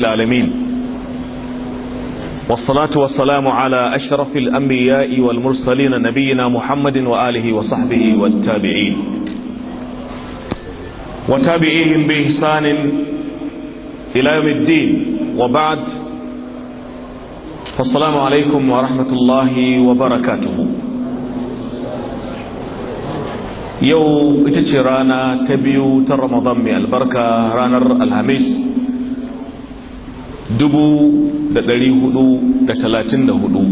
العالمين والصلاة والسلام على أشرف الأنبياء والمرسلين نبينا محمد وآله وصحبه والتابعين وتابعيهم بإحسان إلى يوم الدين وبعد فالسلام عليكم ورحمة الله وبركاته يو اتشرانا تبيو ترمضان البركة رانر الهميس hudu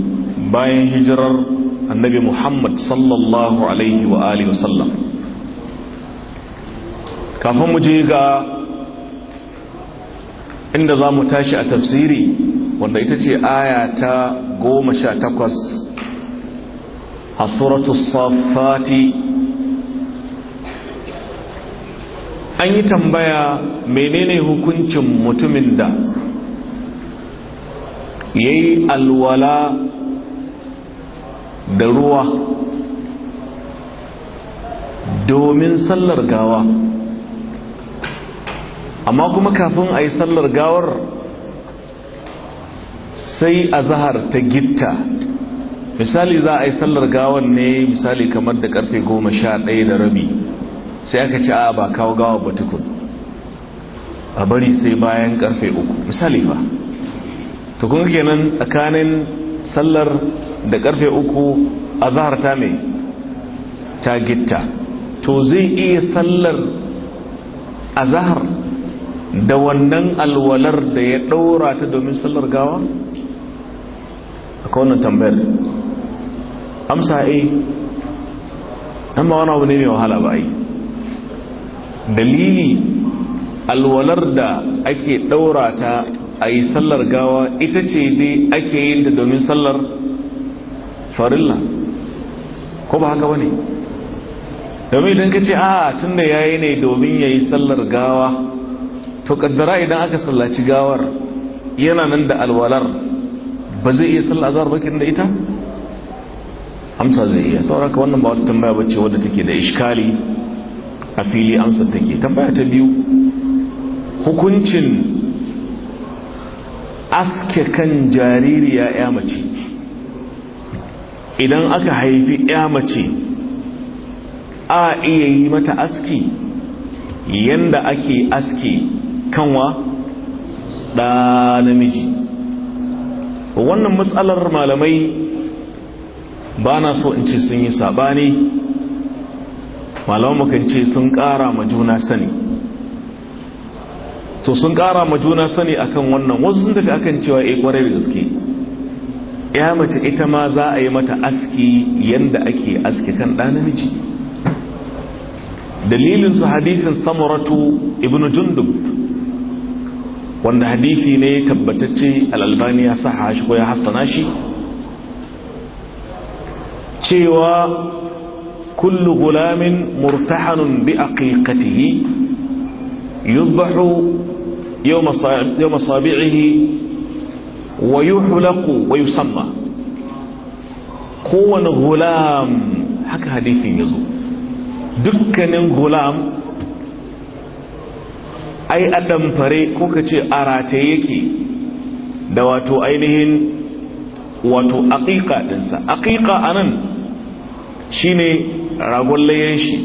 bayan hijirar annabi muhammad sallallahu alaihi wa alihi wasallam kafin mu je ga inda za mu tashi a tafsiri wanda ita ce aya ta goma sha takwas a suratu safati an yi tambaya menene hukuncin mutumin da ya alwala da ruwa domin sallar gawa amma kuma kafin a yi sallar gawar sai a zahar ta gitta misali za a yi sallar gawar ne misali kamar da karfe goma sha ɗaya da rabi sai aka ci a ba kawo gawa ba tukun a bari sai bayan karfe uku misali ba to kun kenan tsakanin sallar da karfe uku a zahar ta mai ta gitta to zai iya sallar a zahar da wannan alwalar da ya ɗaura ta domin sallar gawa? akwai wannan tambayar amsa eh. a amma wani abu ne mai wahala ba yi dalili alwalar da ake ɗaura ta a yi sallar gawa ita ce ne ake yin da domin sallar farilla ko ba haka wani domin idan ka ce a tun da ya yi ne domin ya yi sallar gawa to kaddara idan aka sallaci gawar yana nan da alwalar ba zai iya sallar azar bakin da ita amsa zai iya ka wannan ba wata tambaya bace wadda take da ishkali a fili amsa take tambaya ta biyu hukuncin aske kan jariri ya mace idan aka haifi ya mace a iya yi mata aski yanda ake aski kanwa da namiji wannan matsalar malamai ba na so in ce sun yi sabani malamai kan sun kara ma juna sani to sun kara ma juna sani akan wannan wasu sun tafi akan cewa eh kwarai da gaske ya mace ita ma za a yi mata aski yanda ake aski kan ɗa namiji dalilin su hadisin samuratu ibn jundub wanda hadisi ne tabbatacce al'albani ya saha shi ko ya hassana shi cewa kullu gulamin murtahanun bi aqiqatihi yudbahu yawma sabi'ihi wa yuhlaqu wa yusamma kowane gulam haka hadithin yazo dukkanin gulam ai adam fare ko kace arate yake da wato ainihin wato aqiqa dinsa aqiqa anan shine ragon layen shi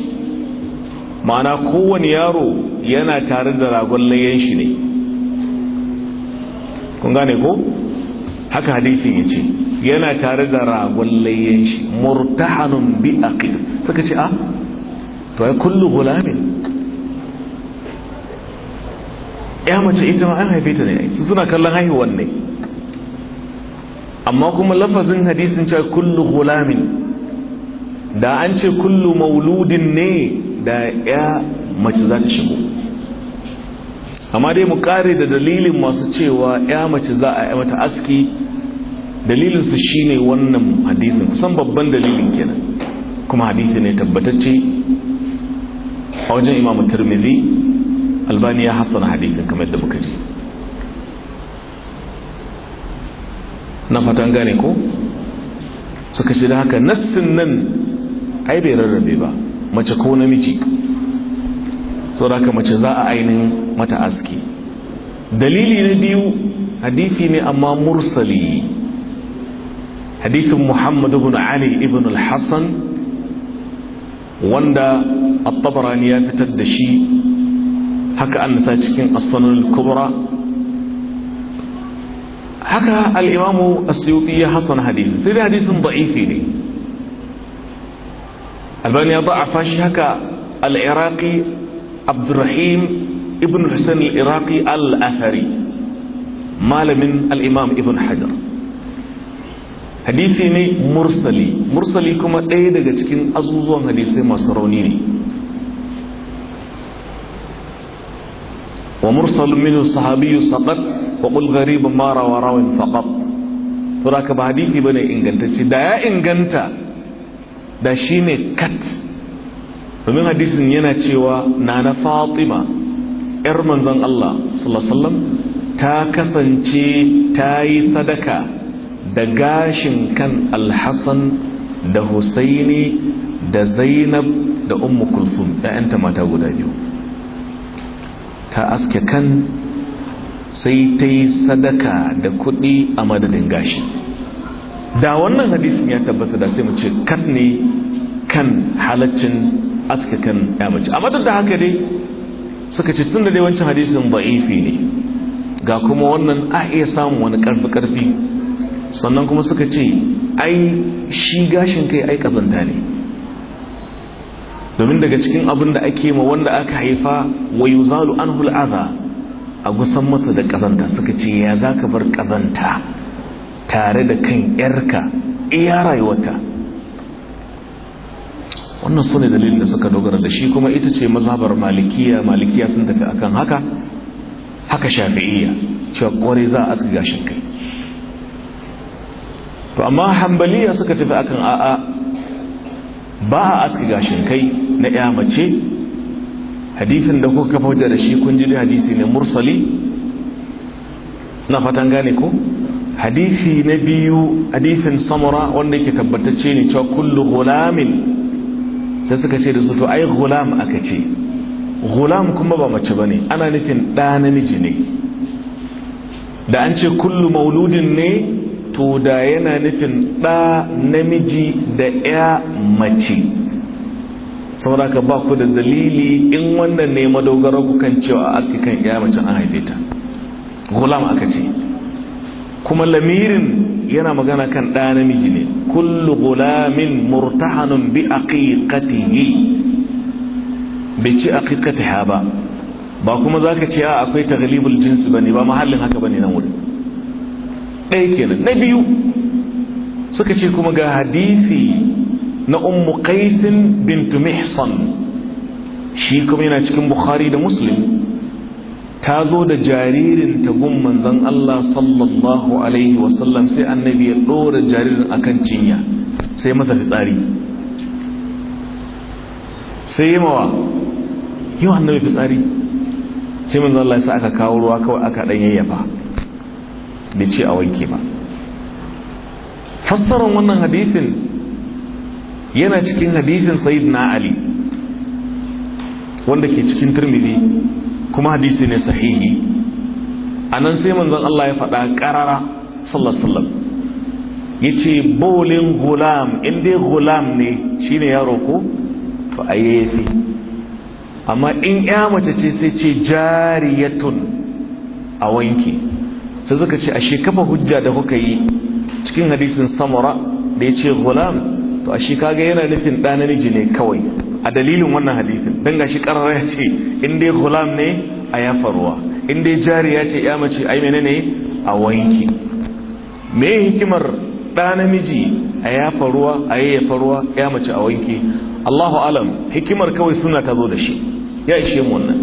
ma'ana kowane yaro yana tare da ragon layen shi ne kun gane ko haka hadisin yace yana tare da ragon layyan shi murtahanun bi aqil suka ce a ah, to ai kullu gulamin ya mace ita ma an haife ta ne suna kallon haihuwar ne amma kuma lafazin hadisin cewa kullu gulamin da an ce kullu mauludin ne da ya mace za ta shigo amma dai mu kare da dalilin masu cewa ya mace za a yi mata aski dalilinsu shine wannan hadisin kusan babban dalilin kenan kuma hadisi ne tabbatacce a wajen imam tirmidhi albani ya hassana hadisin kamar da muka ji na fatan gane ko suka shi da haka nassin nan ai bai rarrabe ba mace ko namiji saboda haka mace za a ainihin mata aski dalili na biyu hadisi ne amma mursali hadisin muhammad ibn ali ibn al-hassan wanda at-tabarani ya fitar da shi haka an sa cikin as-sunan al-kubra haka al-imam as-suyuti ya hasan hadisi sai hadisin da'ifi ne albani ya da'afa shi haka al-iraqi عبد الرحيم ibn hussein al-iraqi al-athari malamin al-imam ibn hajar hadisi ne mursali mursali kuma ɗaya daga cikin azuzuwan hadisai masu rauni ne wa mursalun minu sahabiyu sakad wa ƙulgari gharibun ma rawa rawin to da ka ba hadisi inganta ce da ya inganta da shine kat domin hadisin yana cewa nana fatima 'yar manzon Allah sallallahu ta kasance ta yi sadaka da gashin kan alhassan da husaini da zainab da ummu kulsum ɗayanta mata guda biyu ta aske kan sai ta yi sadaka da kuɗi a madadin gashi da wannan hadisin ya tabbata da sai mu ce kan ne kan halaccin aske kan ya mace amma duk da haka dai suka ce tun da dai wancan ba ifi ne ga kuma wannan a iya samun wani karfi-karfi sannan kuma suka ce ai shi gashin kai ai kazanta ne domin daga cikin abin da ake ma wanda aka haifa wa yuzalu an hul'aza a gusan masa da kazanta suka ce ya za ka bar kazanta tare da kan yarka iya rayuwarta wannan sune dalilin da suka dogara da shi kuma ita ce mazhabar malikiya malikiya sun tafi akan haka haka shafi'iyya cewa kore za a aski gashin kai to amma hanbaliya suka tafi akan a'a ba a aski gashin kai na ya mace hadisin da kuka kafa da shi kun ji hadisi ne mursali na fatan gane ko hadisi na biyu hadisin samura wanda yake tabbatacce ne cewa kullu ghulamin Da suka ce da su to ai gulam aka ce gulam kuma ba mace bane ana nufin ɗa namiji ne da an ce kullu mauludin ne to da yana nufin ɗa namiji da ya mace saboda ka ba ku da dalili in wannan ne madogara ku kan cewa aski kan ya mace an haife ta gulam aka ce kuma lamirin yana magana kan ɗa namiji ne kullu gulamin murtahanun bi aqiqatihi bai ci aqiqatiha ba ba kuma zaka ce a akwai taghlibul jinsi bane ba mahallin haka bane nan wurin ɗaya kenan na biyu suka ce kuma ga hadisi na ummu qaisin bintu mihsan shi kuma yana cikin bukhari da muslim ta zo da jaririn gun manzan Allah sallallahu alaihi wasallam sai annabi ya ɗora jaririn akan cinya sai masa fitsari sai yi mawa yi wa annabi fitsari sai manzan Allah sai aka kawo ruwa kawai aka ɗan yayyafa bai ce a wanke ba fassarar wannan hadithin yana cikin hadithin sayyidina ali wanda ke cikin turmidi kuma hadisi ne sahihi a nan sai manzon Allah ya faɗa ƙarara sallasallam ya ce bolin gulam inda gulam ne shine yaro ko to a amma in ya mace ce sai ce jariyatun a wanki sai suka ce a shekafa hujja da kuka yi cikin hadisin samura da ya ce gulam to a shi kaga yana nufin ɗa namiji ne kawai a dalilin wannan hadithin, dan gashi karara ya ce in dai gulam ne a faruwa inda in dai jariya ce ya mace ai ne a wanki me hikimar ɗa namiji a ya faruwa a yayyafa faruwa ya mace a wanki Allahu alam hikimar kawai suna ta zo da shi ya ishe mu wannan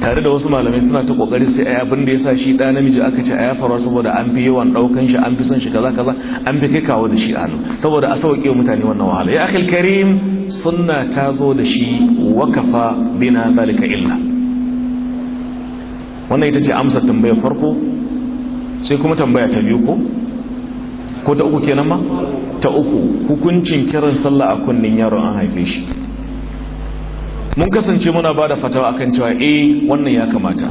tare da wasu malamai suna ta kokari sai ya abin da sa shi ɗa namiji aka ce ya faruwa saboda an fi yawan ɗaukan shi an fi son shi kaza kaza an fi kai kawo da shi a hannu saboda a sauƙe mutane wannan wahala ya akhil karim sunna ta zo da shi wakafa bina zalika illa wannan ita ce amsa tambayar farko sai kuma tambaya ta biyu ko ko ta uku kenan ma ta uku hukuncin kiran sallah a kunnin yaron an haife shi mun kasance muna ba da fatawa akan cewa eh wannan ya kamata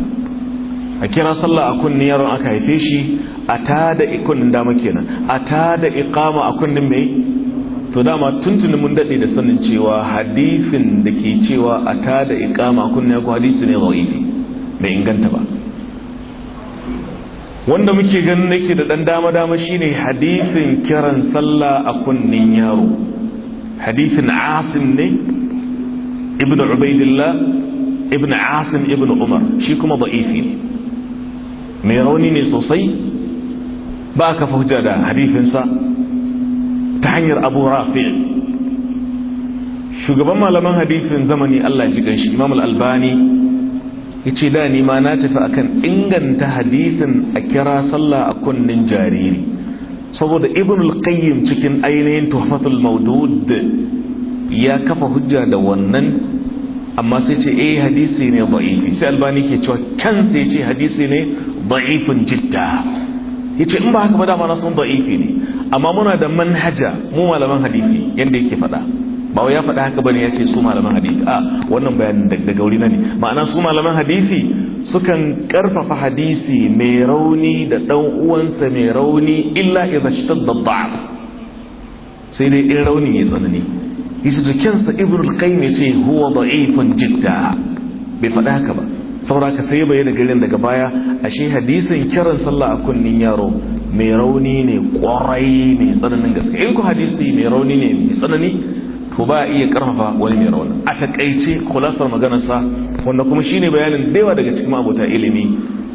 a kira sallah a kunnin yaron aka haife shi a ta da ikunnin dama kenan a ta da ikama a kunnin mai to dama tuntuni mun daɗe da sanin cewa hadisin da ke cewa a ta da ikama kunna ku hadisi ne za'ifi bai inganta ba wanda muke ganin yake da ɗan dama-dama shine hadisin kiran sallah a kunnin yaro hadisin asim ne ibn ubaidillah ibn asim ibn umar shi kuma da'ifi ne mai rauni ne sosai ba ka fahimta da hadifinsa ta hanyar abu rafi shugaban malaman hadithin zamani allah ji ganshi imam al'albani ya ce da ni ma na tafi akan inganta hadithin a kira sallah a kunnen jariri saboda ibn al-qayyim cikin ainihin tuhmatul maudud ya kafa hujja da wannan amma sai ce eh hadisi ne da'ifi sai albani ke cewa kan sai ce hadisi ne da'ifin jidda yace in ba haka ba dama na san da'ifi ne amma muna da manhaja mu malaman hadisi yadda yake faɗa ba ya faɗa haka bane ya ce su malaman hadisi a wannan bayanin daga gauri na ne ma'ana su malaman hadisi sukan karfafa hadisi mai rauni da ɗan uwansa mai rauni illa idza shtadda da'af sai dai in rauni ya tsanani yace jikinsa ibnu al-qayyim yace huwa da'ifun jidda bai faɗa haka ba saboda haka sai bayyana garin daga baya ashe hadisin kiran sallah a kunnin yaro mai rauni ne kwarai mai tsananin gaske in ku hadisi mai rauni ne mai tsanani to ba a iya karfafa wani mai rauni a takaice kulasar maganarsa wanda kuma shi ne bayanin daiwa daga cikin abota ilimi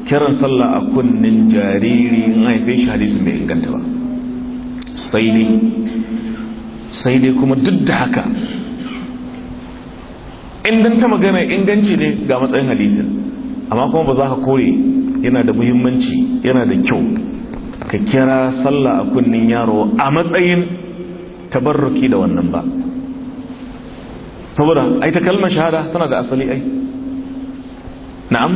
kiran sallah a kunnen jariri in haifin shi hadisi mai inganta ba sai ne. sai ne kuma duk da haka ta magana inganci ne ga matsayin hadisin amma kuma ba za ka kore yana da muhimmanci yana da kyau ka kira sallah a kunnin yaro a matsayin tabarruki da wannan ba saboda ai ta kalmar shahada tana da asali ai na'am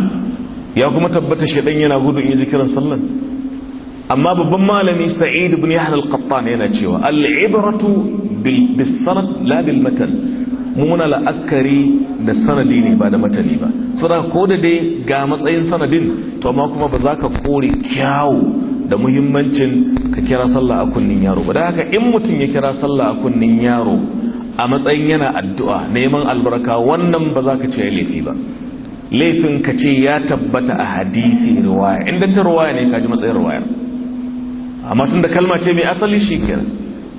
ya kuma tabbata shedan yana gudu in ji kiran sallan amma babban malami sa'id ibn yahya al-qattan yana cewa al-ibratu bil bisanad la bil matan muna la'akari da sanadi ne ba da matani ba saboda ko da dai ga matsayin sanadin to amma kuma ba za ka kore kyawu da muhimmancin ka kira sallah a kunnin yaro ba da haka in mutum ya kira sallah a kunnin yaro a matsayin yana addu'a neman albarka wannan ba za ka ce laifi ba laifin ka ce ya tabbata a hadisi ruwaya. inda ta ruwaya ne ka ji matsayin ruwaya amma tun da kalma ce mai asali shi kenan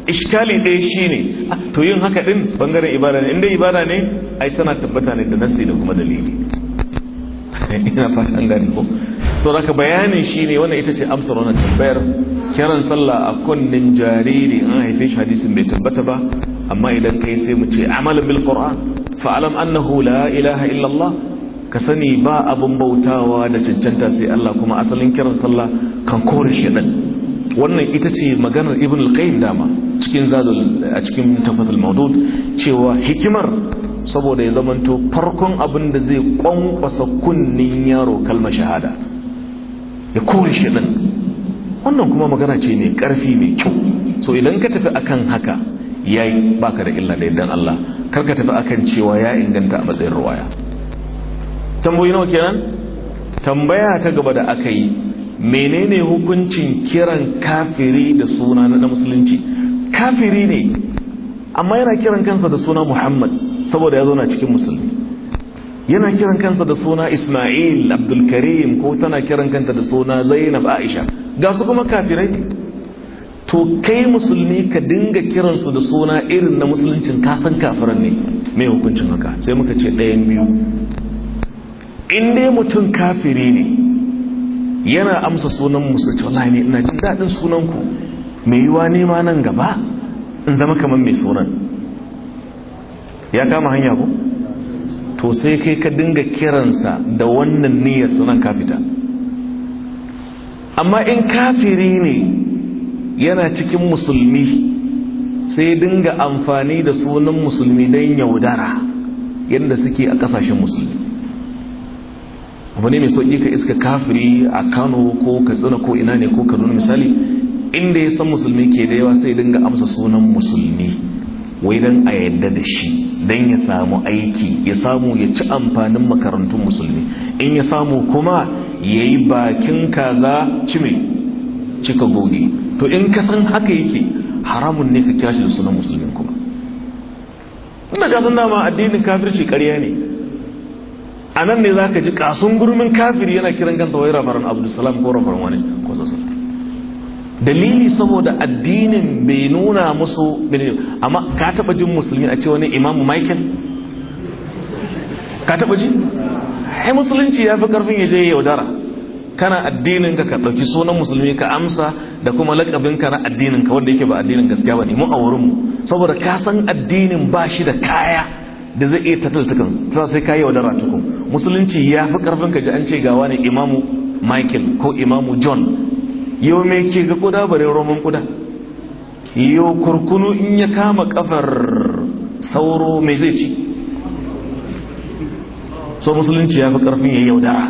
iskali ɗaya shi ne ah, to yin haka ɗin bangaren ibada ne inda ibada ne ai tana tabbata ne da nasi da kuma dalili ina fashin gani ko sauraka bayanin shi ne wannan ita ce amsar wannan tambayar kiran sallah a kunnen jariri an haife shi hadisin bai tabbata ba amma idan kai sai mu ce amalan bil qur'an alam annahu la ilaha illallah ka sani ba abun bautawa da cancanta sai Allah kuma asalin kiran sallah kan kore shedan wannan ita ce maganar ibn al-qayyim dama cikin zadul a cikin tafatul mawdud cewa hikimar saboda ya zamanto farkon abin da zai kwankwasa kunnin yaro kalmar shahada ya kore nan wannan kuma magana ce mai karfi mai kyau so idan ka tafi akan haka ya yi baka da illa da yardan Allah kar ka tafi akan cewa ya inganta a matsayin ruwaya tambayi nawa kenan tambaya ta gaba da aka yi menene hukuncin kiran kafiri da suna na musulunci kafiri ne amma yana kiran kansa da suna Muhammad saboda ya zauna cikin musulmi yana kiran kansa da suna Ismail Abdul Karim ko tana kiran kanta da suna Zainab Aisha ga su kuma kafirai to kai musulmi ka dinga kiransu da suna irin na musuluncin kasan kafiran ne mai hukuncin haka sai muka ce ɗayan biyu in dai mutum kafiri ne yana amsa sunan musulci wallahi ne ina jin daɗin sunanku mai yiwa nema nan gaba in zama kamar mai sunan ya kama hanya ko to sai kai ka dinga kiransa da wannan niyyar sunan kafita amma in kafiri ne yana cikin musulmi sai dinga amfani da sunan musulmi don yaudara yadda suke a kasashen musulmi abu mai sauƙi ka iska kafiri a kano ko katsina ko ina ne ko kaduna misali inda ya san musulmi ke da yawa sai dinga amsa sunan musulmi wai don a yadda da shi don ya samu aiki ya samu ya ci amfanin makarantun musulmi in ya samu kuma ya yi bakin kaza cime cika goge to in ka san haka yake haramun ne ka kira shi da sunan musulmin kuma inda ka san dama addinin kafirci karya ne a nan ne za ka ji kasun gurmin kafiri yana kiran kansa wai rabaran abdulsalam ko rabaran wani ko zazzal dalili saboda addinin bai nuna musu amma ka taba jin musulmi a ce wani imamu michael ka taba ji ai musulunci ya fi karfin ya je yaudara kana addinin ka ka ɗauki sunan musulmi ka amsa da kuma lakabin ka na addinin ka wanda yake ba addinin gaskiya ba ne mu a wurin mu saboda ka san addinin ba shi da kaya da zai iya tattalta kan sai ka yaudara tukun musulunci ya fi karfin ka ji an ce ga ne imamu michael ko imamu john yau mai ke ga kuda bare roman kuda yau kurkunu in ya kama kafar sauro mai zai ci so musulunci ya fi karfin ya yaudara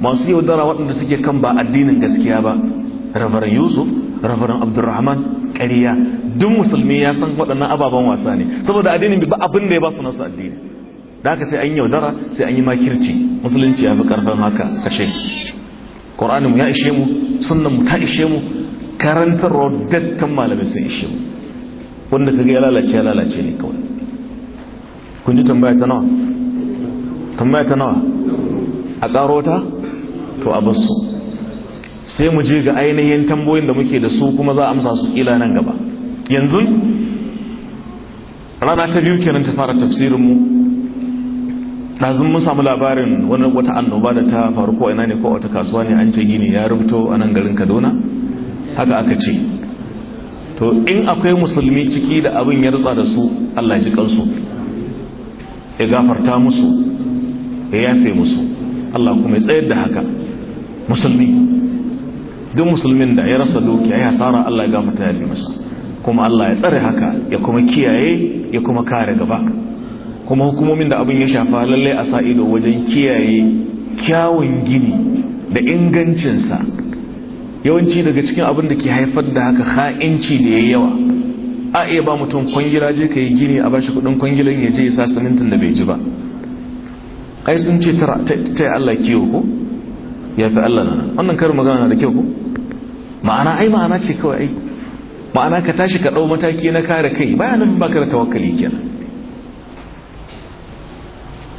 masu yaudara waɗanda suke kan ba addinin gaskiya ba rabarin yusuf rabarin abdurrahman ƙariya duk musulmi ya san waɗannan ababen wasa ne saboda addinin ba abin da ya ba su nasu addini da haka sai an yaudara sai an yi makirci musulunci ya fi karfin haka kashe ƙoranin ya ishe mu sunan mu ta ishe mu karantarwa kan malamai sun ishe mu wanda ka ga ya lalace ya lalace ne kawai kun ji tambaya ta nawa tambaya ta nawa a ƙaro ta to a basu sai mu je ga ainihin tambayoyin da muke da su kuma za a amsa su kila nan gaba yanzu rana ta biyu kenan ta fara tafsirin mu. ɗazun mun samu labarin wani wata annoba da ta faru ko ina ne ko wata kasuwa ne an ce gini ya rubuto a nan garin kaduna haka aka ce to in akwai musulmi ciki da abin ya rutsa da su allah ji kansu ya gafarta musu ya yafe musu allah kuma ya tsayar da haka musulmi duk musulmin da ya rasa doki ya hasara allah ya gafarta ya fi masa kuma allah ya tsare haka ya kuma kiyaye ya kuma kare gaba kuma hukumomin da abin ya shafa lallai a sa ido wajen kiyaye kyawun gini da ingancinsa yawanci daga cikin abin da ke haifar da haka ha'inci da ya yawa a iya ba mutum kwangila je ka yi gini a bashi kudin kwangilan ya je ya sa simintin da bai ji ba ai sun ce ta Allah kiwo ko ya fi Allah nan wannan karin magana na da kyau ko ma'ana ai ma'ana ce kawai ai ma'ana ka tashi ka ɗau mataki na kare kai baya nufin ka da tawakkali kenan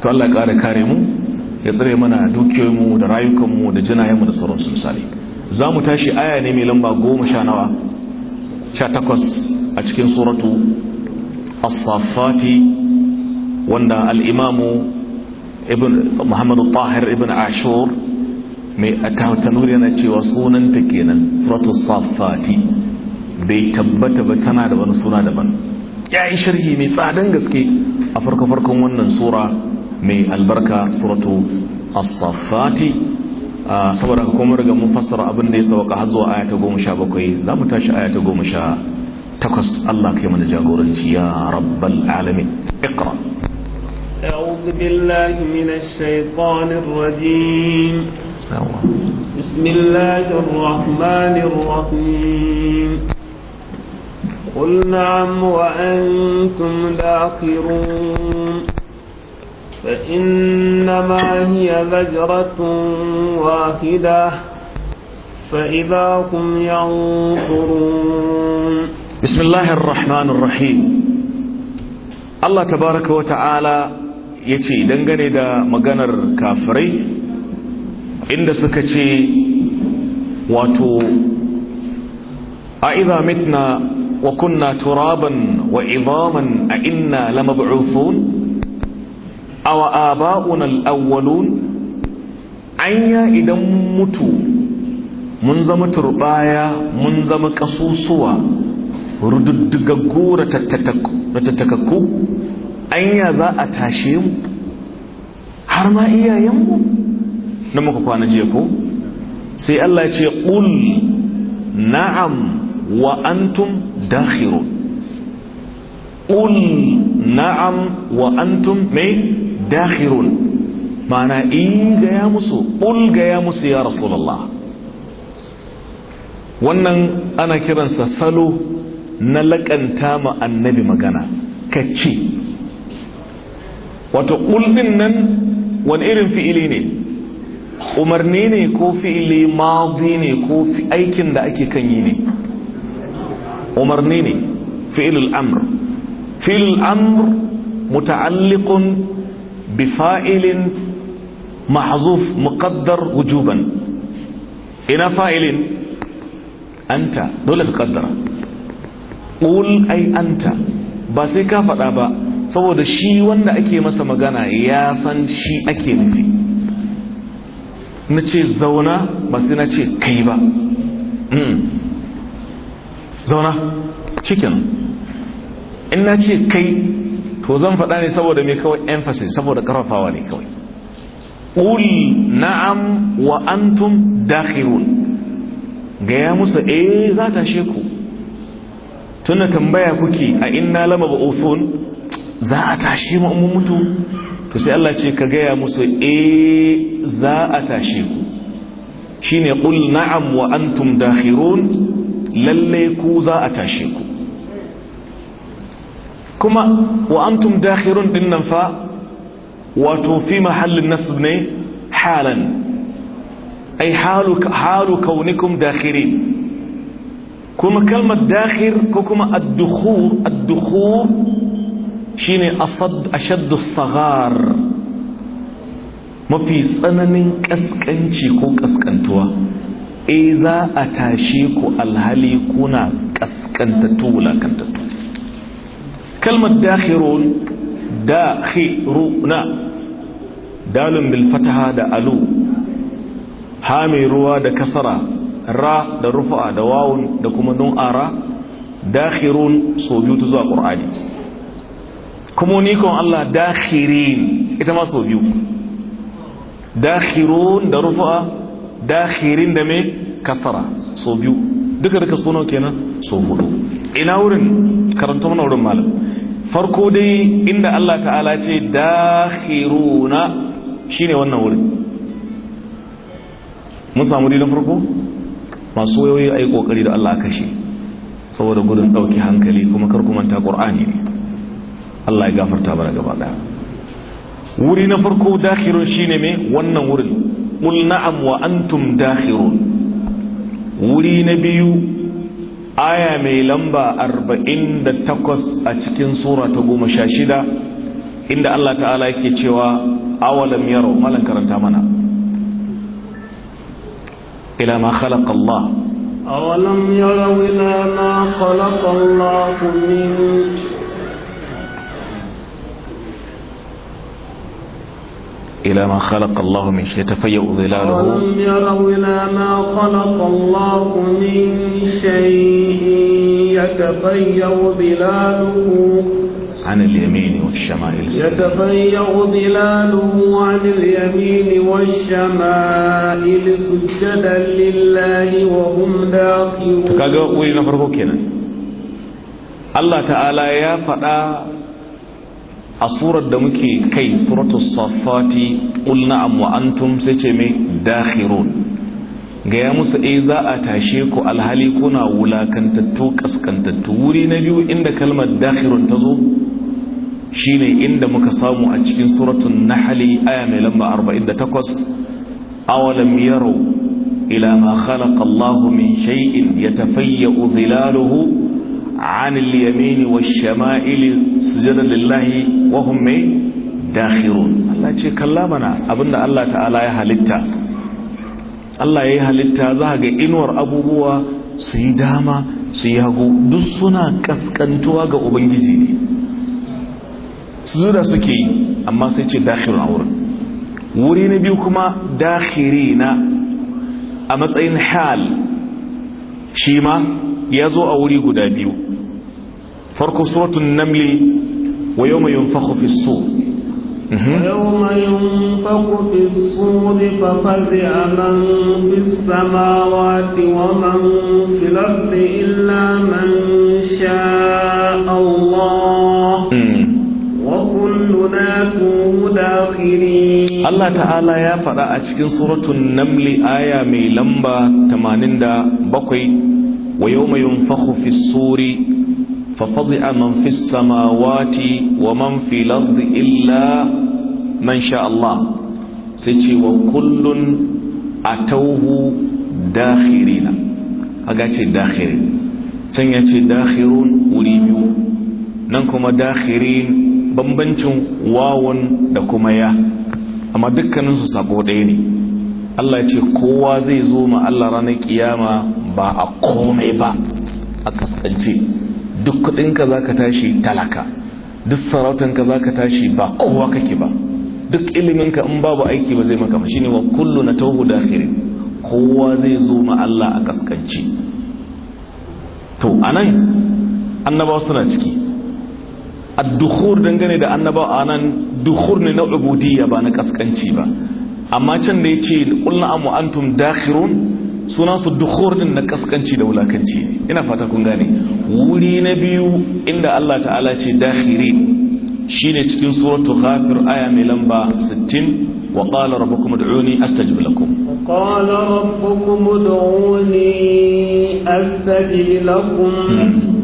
to Allah ya kare mu ya tsare mana mu da rayukanmu da jinayenmu da sauransu misali za mu tashi aya ne mai lamba goma sha nawa sha takwas a cikin suratu as-safati wanda al ibn muhammadu tahir ibn ashur mai tanuri yana cewa sunanta kenan suratu as bai tabbata ba tana da wani suna daban ya yi sharhi mai tsadan gaske a farko-farkon wannan sura mai albarka suratu as-saffati saboda haka kuma riga mun fassara abin da ya sauka har zuwa aya ta 17 za mu tashi aya ta 18 Allah kai mana jagoranci ya rabbal alamin iqra أعوذ بالله من الشيطان الرجيم بسم الله الرحمن الرحيم قل نعم وأنتم داخرون فإنما هي زجرة واحدة فإذا هم ينظرون بسم الله الرحمن الرحيم الله تبارك وتعالى yace dangane da maganar kafirai inda suka ce wato a idha na wa kunna turaban wa idaman a inna lamab'uthun awa aba'una al-awwalun anya idan mutu mun zama turbaya mun zama kasusuwa rududdugaggu ratattakakku anya za a tashe mu har ma iyayenmu na muka kwana jiya ko sai Allah ya ce qul na'am wa antum dakhirun qul na'am wa antum mai dakhirun mana in gaya musu ƙul gaya musu ya rasulullah wannan ana kiransa salo na laƙanta ma annabi magana ka ce wato ƙulɗin nan wani irin fi'ili ne umarni ne ko fi'ili mazi ne ko aikin da ake kan yi ne umarni ne fi'ilul amr fi'ilul amr muta'alliqun بفائل محذوف مقدر وجوبا ina fa'ilin anta dole ka kaddara ƙul ai anta ba sai ka faɗa ba saboda shi wanda ake masa magana ya san shi ake nufi na ce zauna ba sai na ce kai ba zauna cikin in na ce kai to zan faɗa ne saboda mai kawai emphasis saboda ƙarfafawa ne kawai ƙul na'am wa antum dakhilun gaya musu eh za ta ku tunda tambaya kuke a inna lama ba'uthun za a tashe mu mutu to sai Allah ce ka gaya musu e za a tashe ku shine ƙul na'am wa antum dakhirun lalle ku za a tashe ku kuma wa antum dakhirun dinnan fa wato fi mahallin nasb ne halan ay halu halu kaunikum dakhirin kuma kalmar dakhir ko kuma ad-dukhur ad-dukhur shine asad ashaddu as-saghar mafi tsananin kaskanci ko kaskantuwa eh za a tashi ku alhali kuna kaskanta tula kanta kalmar dakhirun dakhiruna dalun bil fataha da alu ha mai ruwa da kasara ra da rufa da wawun da kuma nun ara dakhirun biyu ta zuwa qur'ani kuma ni kon Allah dakhirin ita ma so biyu dakhirun da rufa dakhirin da me kasara so biyu duka duka sunan kenan so hudu ina wurin karanta mana wurin malam farko dai inda Allah ta'ala ce dakhiruna shine wannan wurin mun samu dai na farko masu wayoyi ayi kokari da Allah kashe saboda gudun dauki hankali kuma kar ku manta Qur'ani Allah ya gafarta mana gaba daya wuri na farko dakhirun shine me wannan wurin qul na'am wa antum dakhirun wuri na biyu aya mai lamba 48 a cikin sura ta 16 inda Allah ta'ala yake cewa awalam yaro malan karanta mana ila ma khalaqa Allah awalam yaro ila ma khalaqa Allah min إلى ما خلق الله من شيء يتفيأ ظلاله أولم يروا إلى ما خلق الله من شيء يتفيأ ظلاله عن اليمين والشمائل يتفيأ ظلاله عن اليمين والشمائل سجدا لله وهم داخلون تكاقوا قولي نفرقو كنا الله تعالى يا فتا a surar da muke kai suratul safati qul na'am wa antum sai ce mai dakhirun gaya musu eh za a tashe ku alhali kuna wulakantattu kaskantattu wuri na biyu inda kalmar dakhirun ta zo shine inda muka samu a cikin suratul nahl aya mai lamba 48 awalam yaro ila ma khalaqa Allah min shay'in yatafayyu dhilaluhu عن اليمين والشمائل سجدا لله وهم من dakhirun Allah ce kalla abinda Allah ta'ala ya halitta Allah ya yi halitta za ga inuwar abubuwa su yi dama su yi hagu duk suna kaskantuwa ga ubangiji ne su da suke yi amma sai ce dakhirun a wurin wuri na biyu kuma dakhiri na a matsayin hal shi ma ya zo a wuri guda biyu farko suratun namli wa yau mhm. mhm. mai yunfaku fi so ويوم ينفق في الصور ففزع من في السماوات ومن في الأرض إلا من شاء الله وكلنا فيه داخلين الله تعالى يا فرأة في سورة النمل آية ميلمبا 87 ويوم ينفخ في الصور ففضع من في السماوات ومن في الأرض إلا من شاء الله سيتي وكل أتوه داخرين أقاتي داخرين سنيتي داخرون وليبيو ننكم داخرين بمبنتم واون دكما يا أما دكا ننسو سابو ديني Allah ce kowa zai zo ma Allah ranar kiyama ba a komai ba a kaskance duk kudinka za ka tashi talaka duk sarautanka za ka tashi ba kowa kake ba duk iliminka in babu aiki ba zai maka shi ne wa kullu na tauhu dakhiri kowa zai zo ma Allah a kaskanci. to anan annabawa suna ciki ad dangane da annabawa anan dukhur ne na ubudiyya ba na kaskanci ba amma can da yace qulna amu antum dakhirun sunansu dukhur din na kaskanci da wulakanci ina fata kun gane wuri na biyu inda Allah ta'ala ce dakhirin shine cikin suratul ghafir aya mai lamba 60 wa qala rabbukum ud'uni astajib lakum qala rabbukum ud'uni astajib lakum hmm.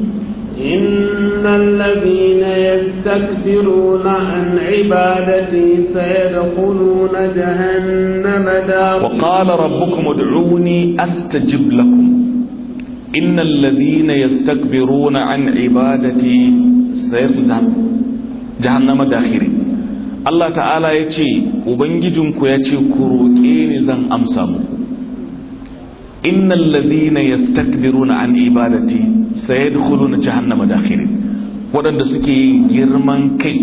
إن الذين يستكبرون عن عبادتي سيدخلون جهنم دار وقال ربكم ادعوني أستجب لكم إن الذين يستكبرون عن عبادتي سيدخلون جهنم داخري Allah ta'ala ya ce, Ubangijinku ya ce, Ku roƙe ni zan amsa muku. innal ladhina yastakbiruna an ibadati sayadkhuluna jahannama dakhirin wadanda suke girman kai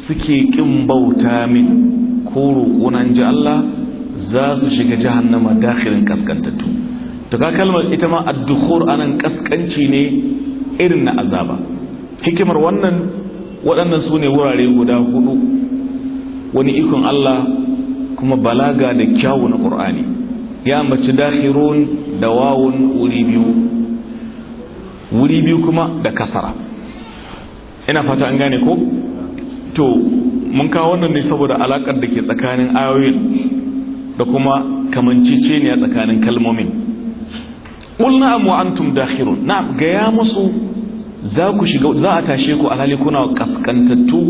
suke kin bauta min ko roƙonan ji Allah za su shiga jahannama dakhirin kaskantattu to ka kalmar ita ma ad-dukhur anan kaskanci ne irin na azaba hikimar wannan waɗannan su ne wurare guda hudu wani ikon Allah kuma balaga da kyawu na ƙur'ani ya ambaci dakhirun da wawun wuri biyu wuri biyu kuma da kasara ina fata an gane ko to mun kawo wannan ne saboda alakar da ke tsakanin ayoyin da kuma kamancice ne a tsakanin kalmomin ƙul na'am wa antum dakhirun na gaya musu za ku shiga za a tashe ku alhali kuna kaskantattu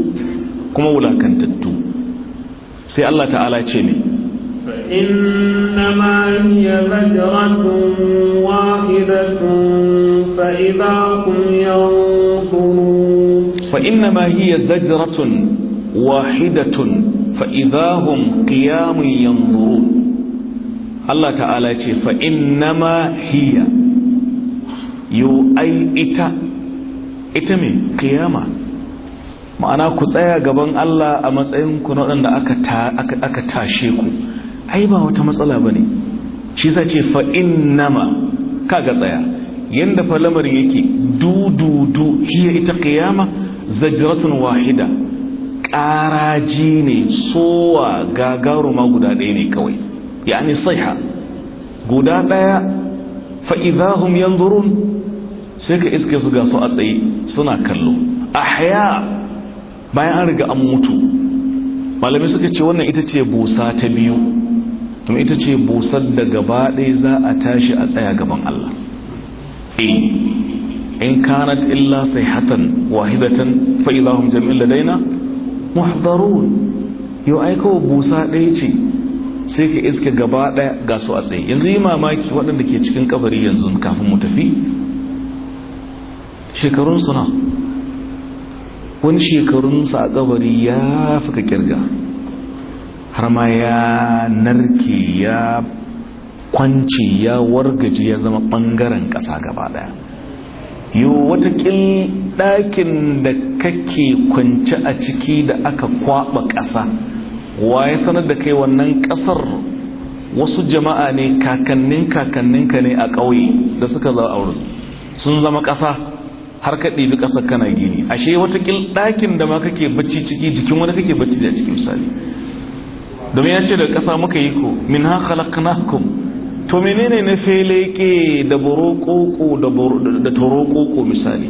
kuma wulakantattu sai Allah ta'ala ce ne إنما هي زجرة واحدة فإذا هم ينصرون فإنما هي زجرة واحدة فإذا هم قيام ينظرون الله تعالى فإنما هي يو أي إتا إتا من قيامة ma'ana ku tsaya gaban Allah a matsayinku na waɗanda aka tashe ku ai ba wata matsala bane? ne shi sa ce fa'in nama ga tsaya yadda falamar yake dududu hiya ita ƙiyama zajiratun wahida ƙaraji ne sowa gagaruma guda ɗaya ne kawai yani saiha guda ɗaya fa'izahun yanzurun sai ka iske su gasu a tsaye suna kallo a haya bayan an riga an mutu Malami suka ce wannan ita ce busa ta biyu kuma ita ce busar da gaba ɗaya za a tashi a tsaya gaban Allah e, in kanat illa sai sayhatan wahidatan fa jami'in da ladaina muhdharun yau ai busa ɗaya ce sai ka iska gaba ɗaya ga su a tsaye yanzu yi mamaki waɗanda ke cikin kabari yanzu kafin mu tafi shekarun suna wani shekarunsa a ƙabari ya fi ka kirga har ma ya narke ya kwanci ya wargaji ya zama bangaren ƙasa gaba ɗaya yau watakil ɗakin da kake kwanci a ciki da aka kwaɓa ƙasa ya sanar da kai wannan ƙasar wasu jama'a ne kakannin kakanninka ne a ƙauye da suka zama wurin sun zama ƙasa har ka ɗibi ƙasar kana gini ashe watakil ɗakin da ma kake bacci ciki jikin wani kake bacci da ciki misali domin ya ce da ƙasa muka yi ku min ha khalaqnakum to menene na feleke da borokoko da torokoko misali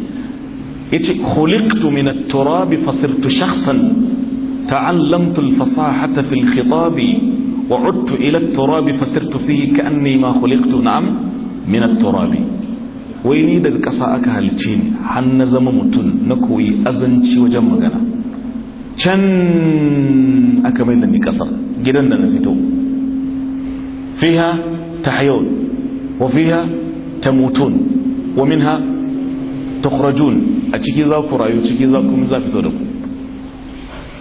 yace khuliqtu min at-turab fa sirtu shakhsan ta'allamtu al-fasahata fi al-khitab wa 'udtu ila at-turab fa sirtu fihi ka'anni ma khuliqtu na'am min at-turab wai ni daga ƙasa aka halice ni har na zama mutum na koyi azanci wajen magana can aka mai da ni ƙasar gidan da na fito fiha hayon wa fiha mutun wa minha tukhrajun a ciki za ku rayu ciki za ku za fito da ku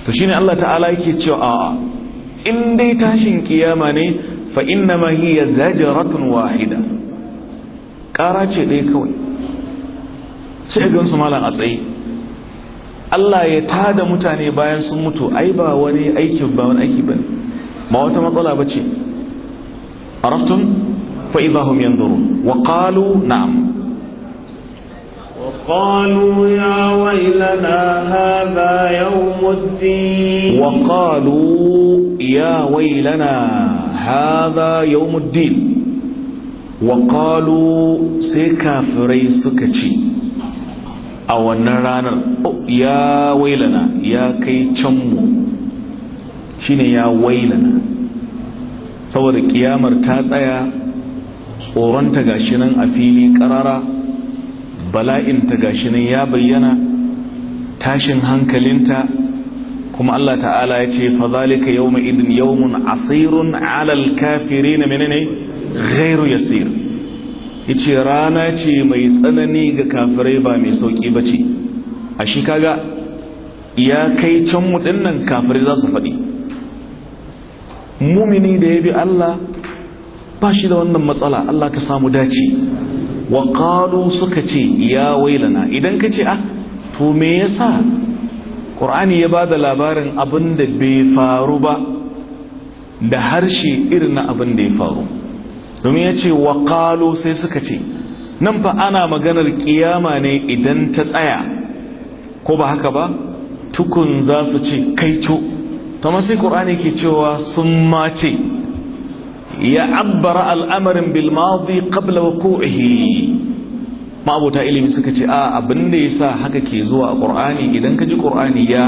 to ne Allah ta'ala yake cewa a in dai tashin kiyama ne fa innama hiya zajratun wahida Kara ce ɗaya kawai sai gan su malam a tsaye Allah ya tada mutane bayan sun mutu ai ba wani aikin ba wani aiki ne. ما هو تمطلع بشي عرفتم فإذا هم ينظرون وقالوا نعم وقالوا يا ويلنا هذا يوم الدين وقالوا يا ويلنا هذا يوم الدين وقالوا سكافري سكتشي أو النرانر يا ويلنا يا كي تشمو shine ya wailana saboda kiyamar ta tsaya tsoronta gashi nan a fili karara bala'inta gashi nan ya bayyana tashin hankalinta kuma Allah ta'ala ya ce fa zalika yawma idin yawmun asirun alal kafirin menene ghairu yasir yace rana ce mai tsanani ga kafirai ba mai sauki bace a shi kaga iya kai can mu kafirai za su faɗi mumini da ya bi Allah ba shi da wannan matsala Allah ka samu dace wa qalu suka ce ya wailana idan ka ce ah to me yasa qur'ani ya bada labarin abin da bai faru ba da harshe irin na abin da ya faru domin ya ce wa qalu sai suka ce nan fa ana maganar kiyama ne idan ta tsaya ko ba haka ba tukun za su ce kai kaito to sai qur'ani ke cewa sun mace ya abbara al'amarin bil madi qabla wuqu'ihi ma'abota ilimi suka ce a abin da ya sa haka ke zuwa a idan ka ji ƙor'ani ya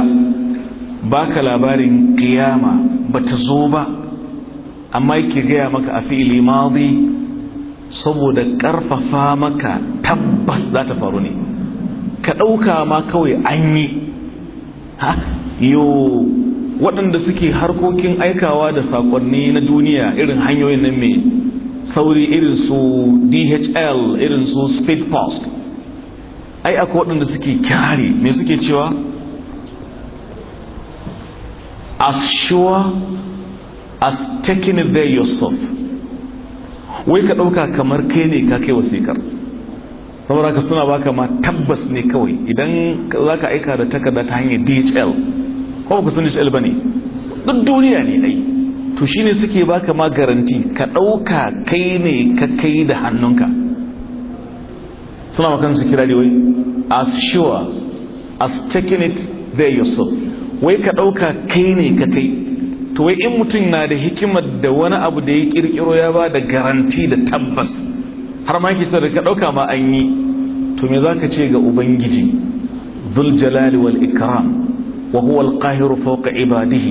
baka labarin ƙiyama ba ta zo ba amma yake gaya maka a fi'ili madi saboda ƙarfafa maka tabbas za ta faru ne ka ɗauka ma kawai an yi ha yo waɗanda suke harkokin aikawa da sakonni na duniya irin hanyoyin nan mai sauri irin su dhl irin su speed post ai akwai waɗanda suke kyari me suke cewa as sure as taking it there yourself wai ka ɗauka kamar kai ne ka kai wasikar saboda ka suna baka ma tabbas ne kawai idan za ka aika da takarda ta hanyar dhl ko ku sani shi ne. duk duniya ne dai to shine suke baka ma garanti ka ɗauka kai ne ka kai da hannunka suna makan su kira wai as sure as taking it there yourself wai ka dauka kai ne ka kai to wai in mutum na da hikimar da wani abu da ya kirkiro ya ba da garanti da tabbas har ma kisa da ka dauka ma an yi to me zaka ce ga ubangiji dhul jalali wal ikram وهو القاهر فوق عباده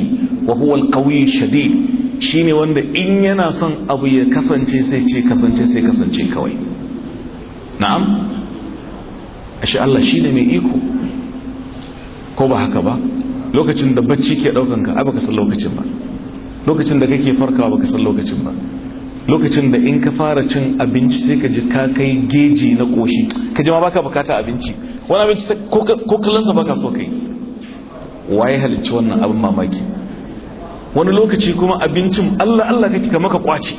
وهو القوي الشديد shine wanda in yana son abu ya kasance sai ce kasance sai kasance kawai na'am ashe Allah shine mai iko ko ba haka ba lokacin da bacci ke daukan ka ai baka san lokacin ba lokacin da kake farkawa baka san lokacin ba lokacin da in ka fara cin abinci sai kai geji na koshi ka ji baka bukata abinci wani abinci ko kallon sa baka so kai waye halicci wannan abin mamaki wani lokaci kuma abincin Allah Allah kake kamar ka kwace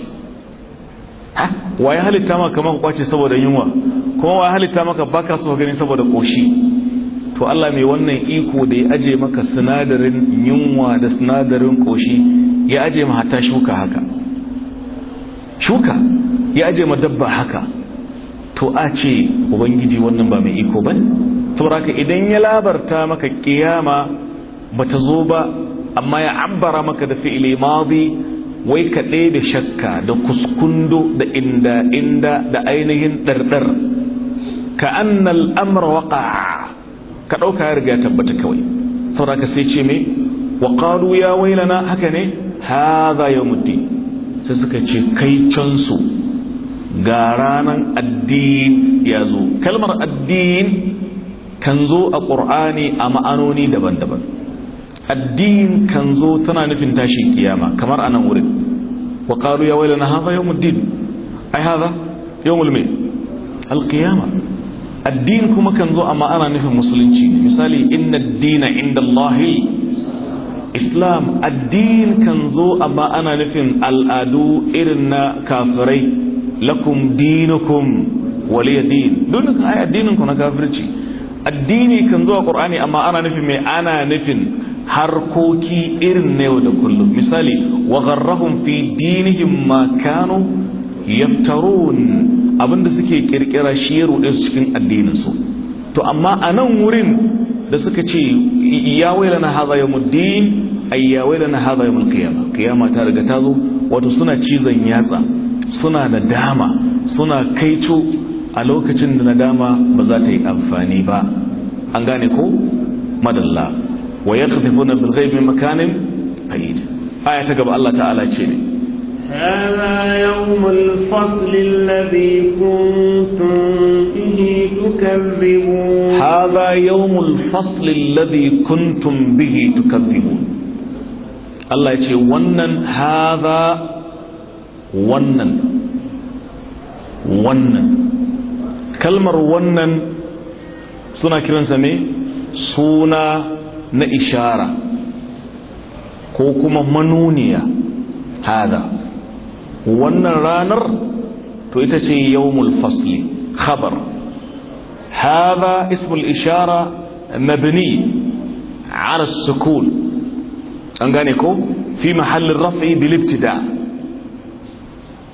ha waye halitta maka kamar ka kwace saboda yunwa kuma waye halitta maka baka so gani saboda koshi to Allah mai wannan iko da ya aje maka sinadarin yunwa da sinadarin koshi ya aje ma hatta shuka haka shuka ya aje ma dabba haka to a ce ubangiji wannan ba mai iko bane saboda idan ya labarta maka kiyama bata zo ba amma ya abbara maka da fi'ili madi wai kaɗai da shakka da kuskundo da inda inda da ainihin ɗarɗar ka annal amra waqa ka ɗauka ya riga tabbata kawai saboda ka sai ce me wa ya wailana haka ne hadha yawmuddin sai suka ce kai cansu ga ranan addin ya zo kalmar addin kan zo a ƙur'ani a ma'anoni daban-daban addin kan zo tana nufin tashi kiyama kamar anan wurin wa ƙaru ya waila na haza yawon din ai haza yawon mai alkiyama addin kuma kan zo amma ana nufin musulunci misali inna dina inda Allahi islam addin kan zo amma ana nufin al'adu irin na kafirai lakum dinukum waliya din dunikan ai addininku na kafirci addini kan zo a ƙorani amma ana nufin mai ana nufin harkoki irin na yau da kullum misali wa gharrahum fi dinihim ma kanu yaftarun abinda suke kirkira shi ya rude su cikin addininsu to amma a nan wurin da suka ce ya wailana hadha yawmuddin ay ya wailana hadha yawmul qiyamah qiyama ta riga ta zo wato suna cizon yatsa suna nadama suna kaito a lokacin da nadama ba za ta yi amfani ba an gane ko madalla wa ya kafe kuna bilgaibin makanin ayyid aya ta gaba allah ta'ala ce ne hana yawon faslin labi kuntun bihi tukabbihu hana yawon faslin labi kuntun bihi tukabbihu allah ya ce wannan hana wannan wannan kalmar wannan suna kiransa ne suna na ishara ko kuma manuniya hada wannan ranar to ita ce yawmul fasli khabar hada ismul ishara mabni ala sukun an gane ko fi mahallin raf'i bil ibtida'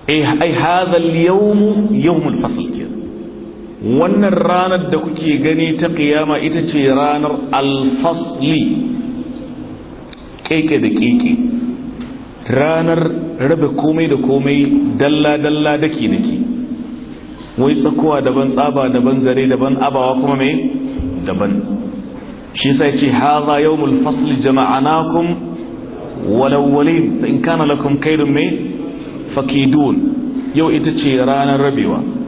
أي هذا اليوم yawmul الفصل wannan ranar da kuke gani ta kiyama ita ce ranar alfasli keke da keke ranar rabe komai da komai dalla-dalla daki-daki wai tsakowa daban tsaba daban zare daban abawa kuma mai daban shi sai ce haza yawmul fasli jama'anakum walawwalin in kana lakum kaidun mai fakidun yau ita ce ranar rabewa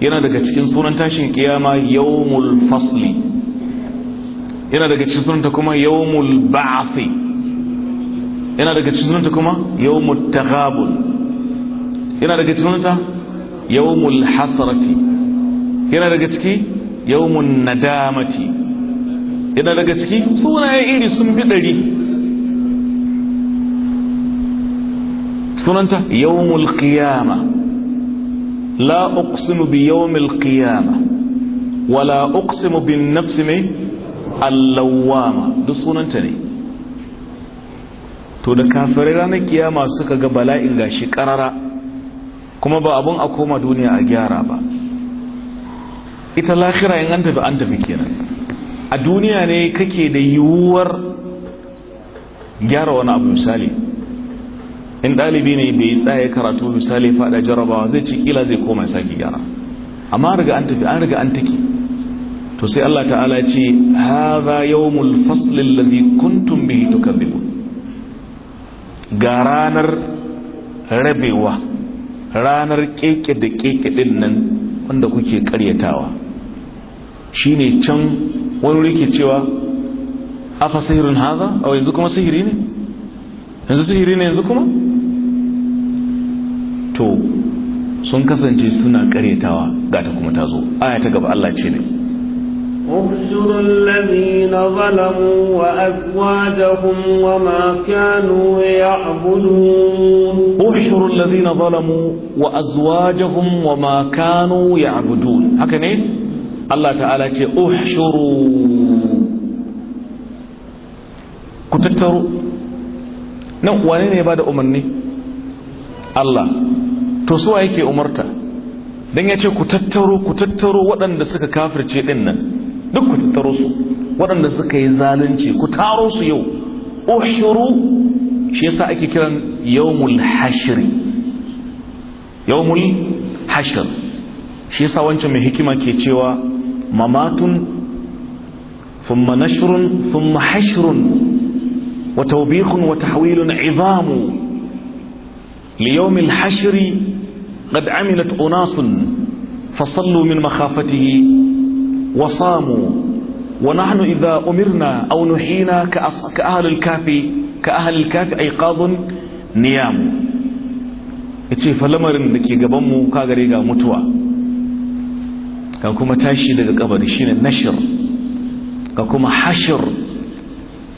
yana daga cikin sunan tashin kiyama yawmul fasli yana daga cikin sunanta kuma yawmul ba'thi yana daga cikin sunanta kuma yawmut taghabul yana daga cikin sunanta yawmul hasrati yana daga ciki yawmun nadamati yana daga ciki sunaye iri sun bi dari sunanta yawmul qiyamah la uqsimu bi yawmil qiyama wala uqsimu bin nafsi mai duk sunanta ne to da kafirai ranar kiyama suka ga bala'in shi karara kuma ba abun a koma duniya a gyara ba ita lahira in an tafi antafi kenan a duniya ne kake da yiwuwar gyara wani abu misali in dalibi ne bai tsaye karatu misali faɗa jarabawa zai ci kila zai koma saki gyara amma riga an tafi an riga an tiki to sai Allah ta'ala ce hadha yawmul fasl alladhi kuntum bihi tukadhibun ga ranar rabewa ranar keke da keke din nan wanda kuke karyatawa shine can wani rike ke cewa afa sihirun hadha aw yanzu kuma sihiri ne yanzu sihiri ne yanzu kuma to sun kasance suna karyatawa ga ta kuma ta zo aya ta gaba Allah ce ne احشروا الذين ظلموا وأزواجهم وما كانوا يعبدون احشروا الذين ظلموا وأزواجهم وما كانوا يعبدون هكذا Allah ta'ala ce uhshuru ku tattaro nan wane ne ba da umarni Allah to suwa yake umarta dan ya ce ku tattaro ku tattaro waɗanda suka kafirce din nan duk ku tattaro su waɗanda suka yi zalunci ku taro su yau ushuru shi yasa ake kiran yawmul hashr yawmul hashr shi yasa wancan mai hikima ke cewa mamatun thumma nashrun thumma hashrun wa tawbiqun wa tahwilun izamu liyawmil hashri قد عملت أناس فصلوا من مخافته وصاموا ونحن إذا أمرنا أو نحينا كأهل الكافي كأهل الكافي أيقاظ نيام إتشي فلمر لكي قبمو كاغري قا متوى تاشي لك قبر شين النشر كاكما حشر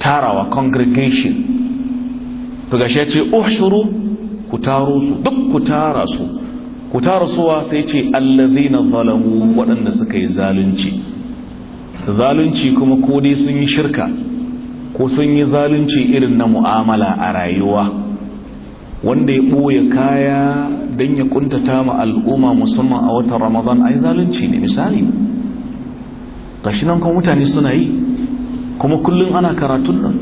تارا وكونغريجيشن فقاشيتي أحشروا كتاروسو دك كتاراسو ku tara suwa sai ce na zalamu waɗanda suka yi zalunci zalunci kuma ko dai sun yi shirka ko sun yi zalunci irin na mu'amala a rayuwa wanda ya ɓoye kaya don ya ƙuntata ma al'umma musamman a watan ramadan ai zalunci ne misali gashi nan kuma mutane suna yi kuma kullum ana karatun nan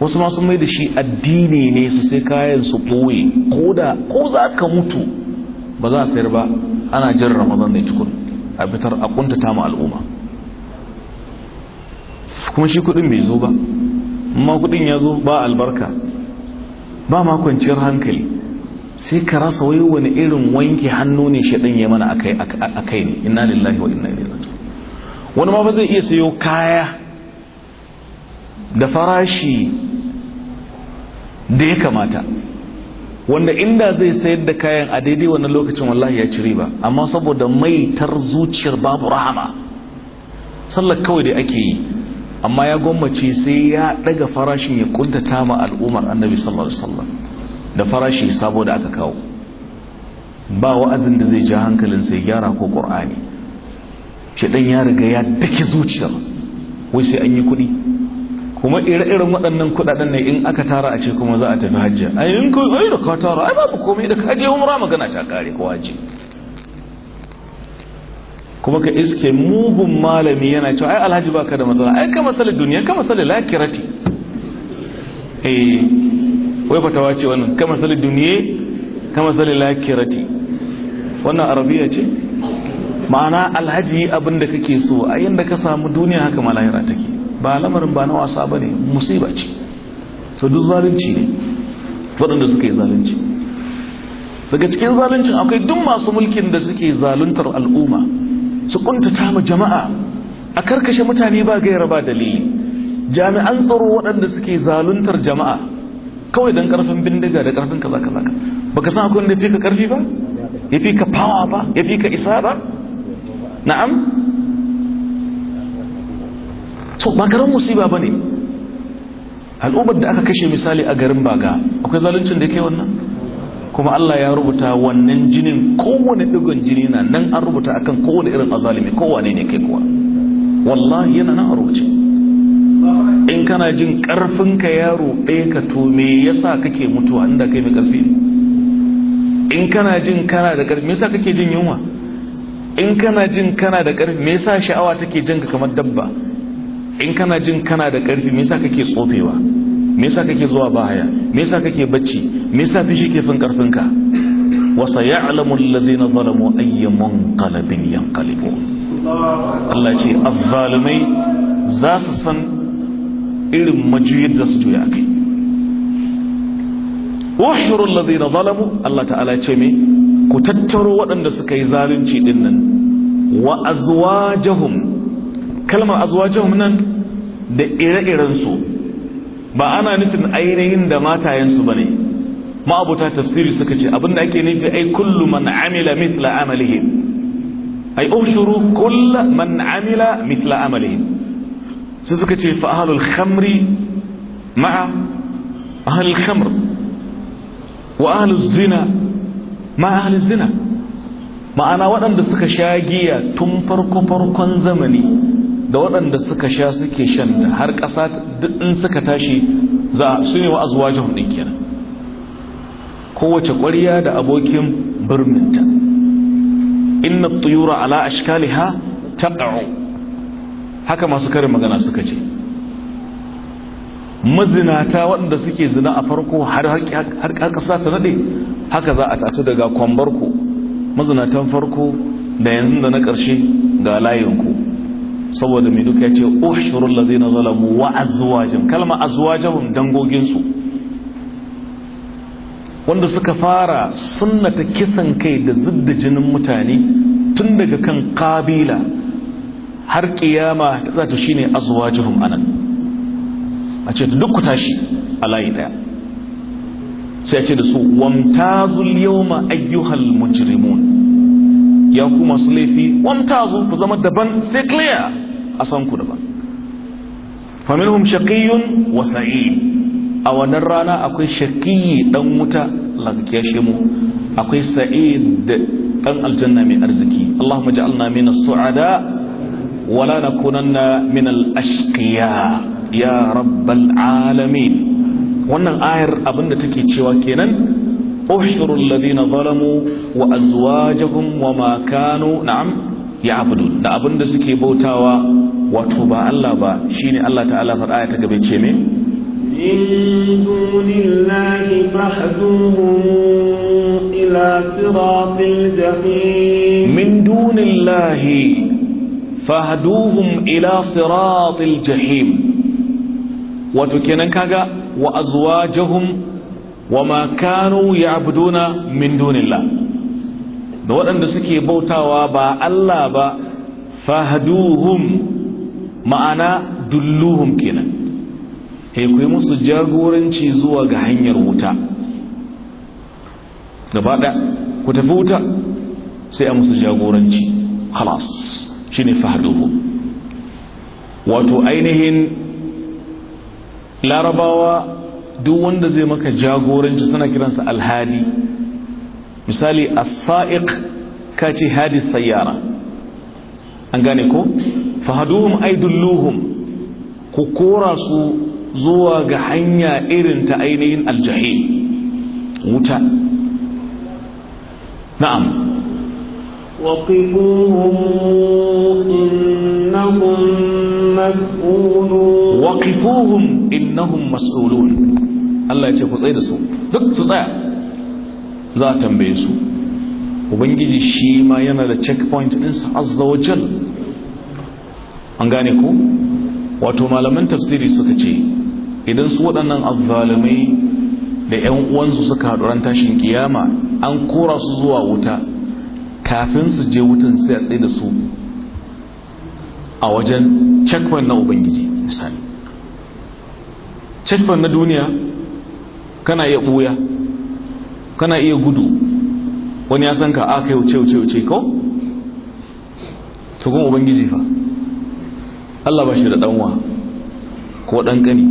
wasu ma sun mai da shi addini ne su sai kayan su ɓoye ko da ko za ka mutu ba za a sayar ba ana jin ramadan ne tukun a fitar a kuntata ma al'umma kuma shi kudin bai zo ba amma kudin ya zo ba albarka ba ma kwanciyar hankali sai ka rasa wai wani irin wanke hannu ne shaɗin ya mana a kai ne inna lillahi wa ina lillahi wani ma ba zai iya sayo kaya da farashi da ya kamata wanda inda zai sayar da kayan a daidai wannan lokacin wallahi ya ci riba amma saboda maitar zuciyar babu rahama sallar kawai da ake yi amma ya gwammace sai ya daga farashin ya kuntata ma al'ummar annabi sallallahu alaihi wasallam da farashi saboda aka kawo ba wa'azin da zai ja hankalin sai gyara ko qur'ani dan ya riga ya dake zuciyar wai sai an yi kuɗi kuma ire-iren waɗannan kuɗaɗen ne in aka tara a ce kuma za a tafi hajji ai in ko ai da ka tara ai babu komai da ka je umra magana ta kare ko hajji kuma ka iske mugun malami yana cewa ai alhaji baka da matsala ai ka masali duniya ka masali lakirati eh wai fatawa ce wannan ka masali duniya ka masali lakirati wannan arabiya ce ma'ana alhaji abin da kake so a yanda ka samu duniya haka ma lahira take ba lamarin ba na wasa ba ne musiba ce to duk zalunci ne waɗanda suka yi zalunci daga cikin zaluncin akwai duk masu mulkin da suke zaluntar al'umma su kuntata ma jama'a a karkashe mutane ba gaira ba dalili jami'an tsaro waɗanda suke zaluntar jama'a kawai don ƙarfin bindiga da ƙarfin kaza kaza baka san akwai wanda ya fi ka ƙarfi ba ya fi ka fawa ba ya fi ka isa ba na'am to ba garin musiba ba ne al'ummar da aka kashe misali a garin baga akwai zaluncin da ke wannan kuma Allah ya rubuta wannan jinin kowane ɗigon jini na nan an rubuta akan kowane irin azalimi kowane ne kai kuwa wallahi yana nan a rubuce in kana jin ƙarfinka ya roɗe ka to me yasa kake mutuwa inda kai mai karfi ne in kana jin kana da karfi me yasa kake jin yunwa in kana jin kana da karfi me yasa sha'awa take jinka ka kamar dabba in kana jin kana da ƙarfi me yasa kake tsofewa me yasa kake zuwa baya me yasa kake bacci me yasa fishi ke fin ƙarfinka wa sayalamu alladhina zalamu ayya munqalabin yanqalibun Allah ce azzalumai za su san irin majiyar da su juya kai wahshurul ladina zalamu Allah ta'ala ce me ku tattaro waɗanda suka yi zalunci dinnan wa azwajahum kalmar azwajahum nan da ire-irensu ba ana nufin ainihin da matayensu ba ne ma'abuta tafsiri suka ce abinda ake nufi ai kullu man amila mithla amalihim ai ushuru kullu man amila mithla amalihim su suka ce fa ahlul khamri ma'a ahlul khamr wa ahlul zina ma'a ahlul zina ma'ana waɗanda suka sha giya tun farko farkon zamani da waɗanda suka sha suke shanta har ƙasa duk in suka tashi za su ne wa azwajin ɗin kenan kowace ƙwariya da abokin birninta inna tuyura ala ashkaliha taqa'u haka masu karin magana suka ce mazinata waɗanda suke zina a farko har ƙasa ta naɗe, haka za a tace daga kwambarku mazinatan farko da yanzu da na ƙarshe ga layinku saboda mai duka ya ce ushurul ladina zalamu wa azwajin kalma azwajahum dangoginsu wanda suka fara sunnata kisan kai da zidda jinin mutane tun daga kan kabila har ƙiyama ta zato shine azwajahum anan a ce duk tashi a layi ɗaya sai ya ce da su wamtazul yawma ayyuhal mujrimun ya ku masu laifi wanta zo ku zama daban sai clear a san ku daban faminhum shaqiyyun wa sa'id a wannan rana akwai shaqiyyi dan wuta lagkiyashe mu akwai sa'id dan aljanna mai arziki Allahumma ja'alna min as-su'ada ولا نكونن من الاشقياء ya رب العالمين wannan ayar abinda take cewa kenan احشروا الذين ظلموا وازواجهم وما كانوا نعم يعبدون da abinda suke bautawa wato ba Allah ba shine Allah ta'ala far aya ta gabe ce me in dunillahi fahduhum ila siratil jahim min dunillahi fahduhum ila siratil jahim wato kenan kaga wa azwajuhum wa ma kanu ya'buduna min dunillah da waɗanda suke bautawa ba Allah ba fahduhum ma'ana dulluhum kenan he ku musu jagoranci zuwa ga hanyar wuta gaba da ku tafi wuta sai a musu jagoranci khalas shine fahduhum wato ainihin larabawa duk wanda zai maka jagoranci suna kiransa alhadi misali as-sa'iq ka ce hadi sayyara an gane ko fahaduhum aidulluhum ku kora su zuwa ga hanya irin ta ainihin aljahim wuta na'am waqifuhum innahum mas'ulun waqifuhum innahum mas'ulun Allah ya ce ku tsaye da su duk su tsaya za a tambaye su ubangiji shi ma yana da checkpoint ɗinsa azza wa jal an gane ku wato malaman tafsiri suka ce idan su waɗannan azzalumai da 'yan uwansu suka haɗu ran tashin kiyama an kora su zuwa wuta kafin su je wutan sai a tsaye da su a wajen checkpoint na ubangiji misali checkpoint na duniya kana iya buya kana iya gudu wani ya san ka aka ah, yi wuce wuce wuce ko tukun ubangiji fa Allah ba shi da ɗanwa ko ɗanƙani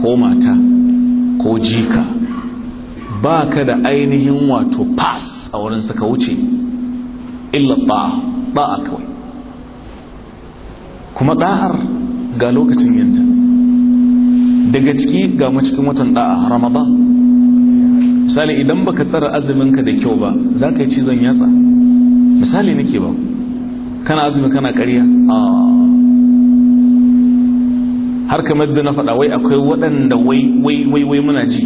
ko mata ko jika ba ka da ainihin wato pass a wurin suka wuce illa ba a kawai kuma ɗahar ga lokacin yanta daga ciki ga mu cikin watan a ramadan misali idan baka tsara azumin ka da kyau ba za ka yi cizon yatsa misali nake ba kana azumi kana ƙarya har kamar da na faɗa wai akwai waɗanda wai wai wai wai muna ji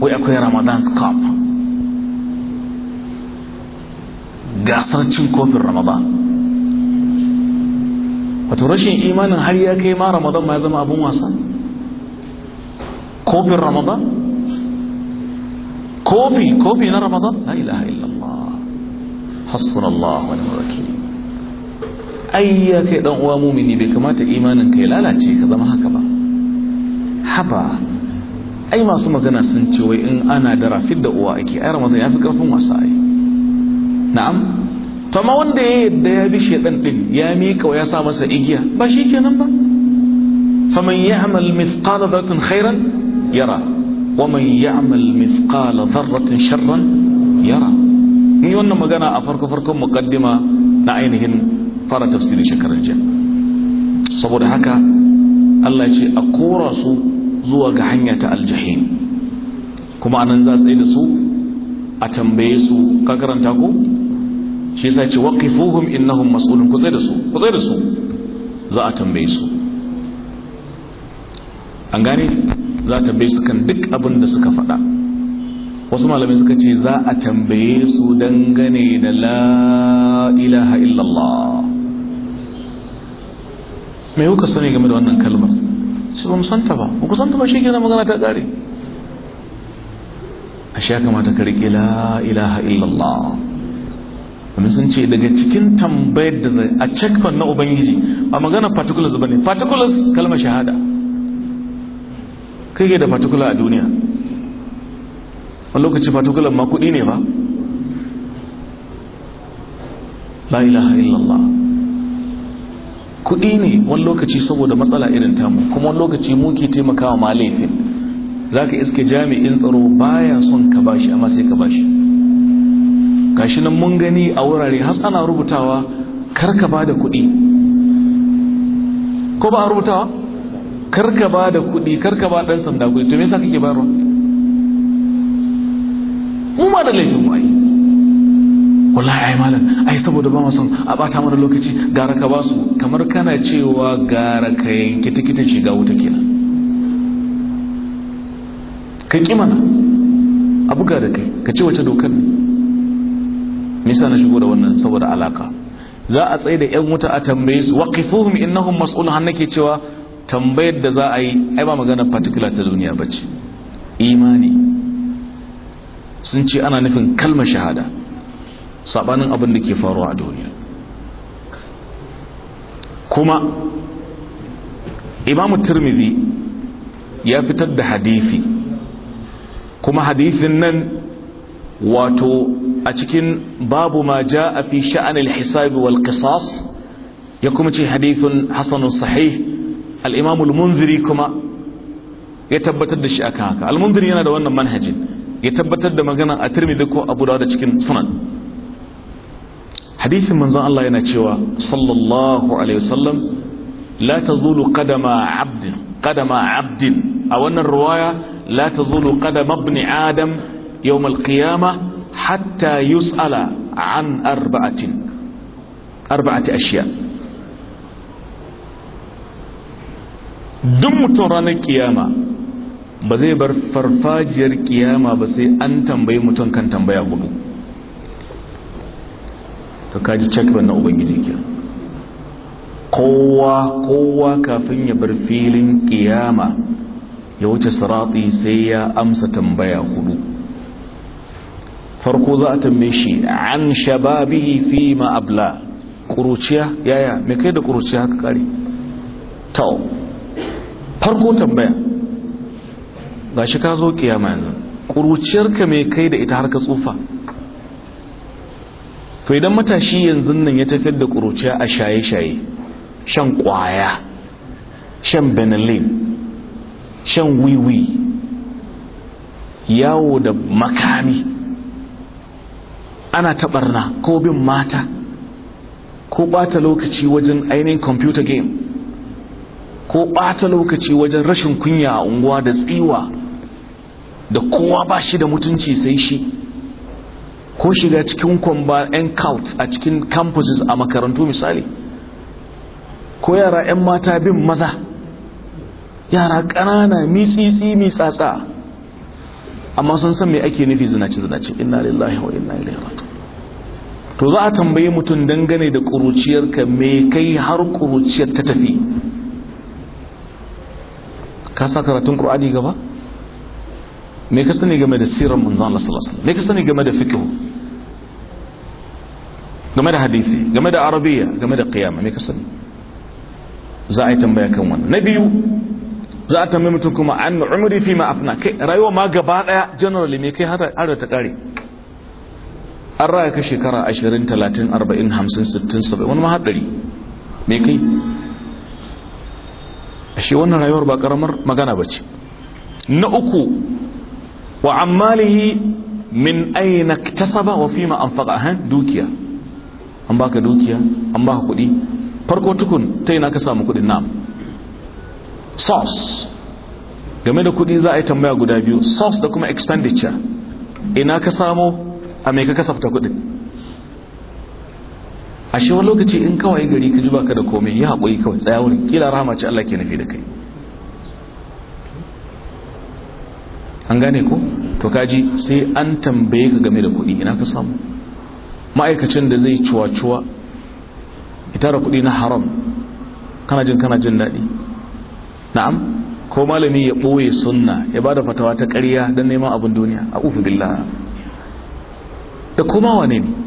wai akwai ramadan scarf gasar cin kofin ramadan wato rashin imanin har ya kai ma ramadan ma ya zama abin wasa كوبي رمضان كوبي كوبي من رمضان لا إله إلا الله حصنا الله ونعم الوكيل أي كي كذا هو مؤمن بكما تإيمان كلا لا شيء كذا ما هكذا حبا أي ما سمع جنا سنتوي إن أنا درا في الدعوة إكي أي رمضان يا فكرة ما ساي نعم فما وندي ده بشيء تنتين يا ميك ويا سامس إيجيا بشيء كنا فمن يعمل مثقال ذرة خيرا yara ومن يعمل مثقال ذرة شرا يرى mun yi wannan magana a farko-farkon mukaddima na ainihin fara tafsirin shekarar jiya saboda haka Allah ce a kora su zuwa ga hanya ta aljahim kuma anan za tsaye da su a tambaye su ka karanta ko shi yasa ce waqifuhum innahum mas'ulun ku tsaye da su ku da su za a tambaye su an gane za ta bai su kan duk abin da suka faɗa wasu malamai suka ce za a tambaye su dangane da la ilaha illallah mai kuka sani game da wannan kalmar su ba musanta ba ba kusanta ba shi ke magana ta ƙare a sha kamata ka riƙe la ilaha illallah wani sun ce daga cikin tambayar da zai a checkpoint na ubangiji a magana particulars ba ne particulars kalmar shahada kai ke da particular a duniya wani lokaci particular ma kudi ne ba la ilaha illallah kudi ne wani lokaci saboda matsala irin tamu kuma wani lokaci muke taimakawa ma laifin za ka iske jami'in tsaro bayan son ka bashi amma sai ka bashi gashi nan mun gani a wurare has ana rubutawa karka ba da kudi ko ba a rubutawa karka ba da kuɗi karka ba ɗan sanda kuɗi to me yasa kake bayarwa mu ma da laifin mu ai wallahi ai malam ai saboda ba son a bata mana lokaci gara ka basu kamar kana cewa gara ka yanki tikitin shiga wuta kenan ka ki mana a buga da kai ka ce wata dokar ne nisa na shigo da wannan saboda alaka za a tsaye da yan wuta a tambaye su waqifuhum innahum mas'ulun nake cewa tambayar da za a yi ai ba magana particular ta duniya ba ce imani sun ce ana nufin kalmar shahada sabanin abin da ke faruwa a duniya kuma imamu turmidi ya fitar da hadithi kuma hadithin nan wato a cikin babu ma ja a fi sha'anil hisabi wal qisas ya kuma ce hadithin hasanun sahih al'imamul munziri kuma ya tabbatar da shi akan haka al-munziri yana da wannan manhajin ya tabbatar da magana a tirmidhi ko abu da cikin sunan hadithin manzon Allah yana cewa sallallahu alaihi wasallam la tazulu qadama abdin abdin a wannan riwaya la tazulu qadama ibn adam yawm al hatta yus'ala an arba'atin arba'ati ashiya' duk mutum ranar kiyama ba zai bar farfajiyar kiyama ba sai an tambayi mutum kan tambaya hudu to kaji cakiban na ubangiji ke kowa kowa kafin ya bar filin kiyama ya wuce sarati sai ya amsa tambaya hudu farko za a tambaye shi an shababi fi ma abla kuruciya yaya me kai da kuruciya haka kare ta'o farko tambaya ga shi ka zo kiyama yanzu ka mai kai da ita har ka tsufa to idan matashi yanzu nan ya tafiyar da ƙuruciya a shaye-shaye shan ƙwaya shan benelin shan wiwi yawo da makami ana taɓarna ko bin mata ko ɓata lokaci wajen ainihin computer game ko ɓata lokaci wajen rashin kunya a unguwa da tsiwa da kowa ba shi da mutunci sai shi ko shiga cikin kwamba 'yan kaut a cikin campuses a makarantu misali ko yara 'yan mata bin maza yara ƙanana mitsitsi mitsatsa amma sun san me ake nufi zinace zinace inna lillahi wa inna ilaihi raji'un to za a tambaye mutum dangane da ƙuruciyarka me kai har ƙuruciyar ta tafi ka sa karatun qur'ani gaba me ka sani game da siran manzan Allah sallallahu me ka sani game da fikihu game da hadisi game da arabiya game da kiyama me ka sani za a yi tambaya kan wannan na biyu za a tambaye mutum kuma an umri fi ma afna kai rayuwa ma gaba daya generally me kai har da ta kare an raya ka shekara 20 30 40 50 60 70 wani ma har 100 me kai ashe wannan rayuwar ba karamar magana bace na uku wa ammalihi min aina kasaba wa fima anfaqa han dukiya an baka dukiya an baka kudi farko tukun ta ina ka samu kudin nam source game da kudi za a yi tambaya guda biyu source da kuma expenditure ina ka samo a me ka kasafta kudin ashe wani lokaci in kawai gari ka ji baka da komai ya haƙuri kawai tsaya wurin kila rahama ce Allah ke nufi da kai an gane ko to kaji sai an tambaye ka game da kuɗi ina ka samu ma'aikacin da zai cuwa-cuwa ita da kuɗi na haram kana jin kana jin daɗi na'am ko malami ya ɓoye sunna ya ba da fatawa ta ƙarya don neman abin duniya a ufi billah da komawa ne ne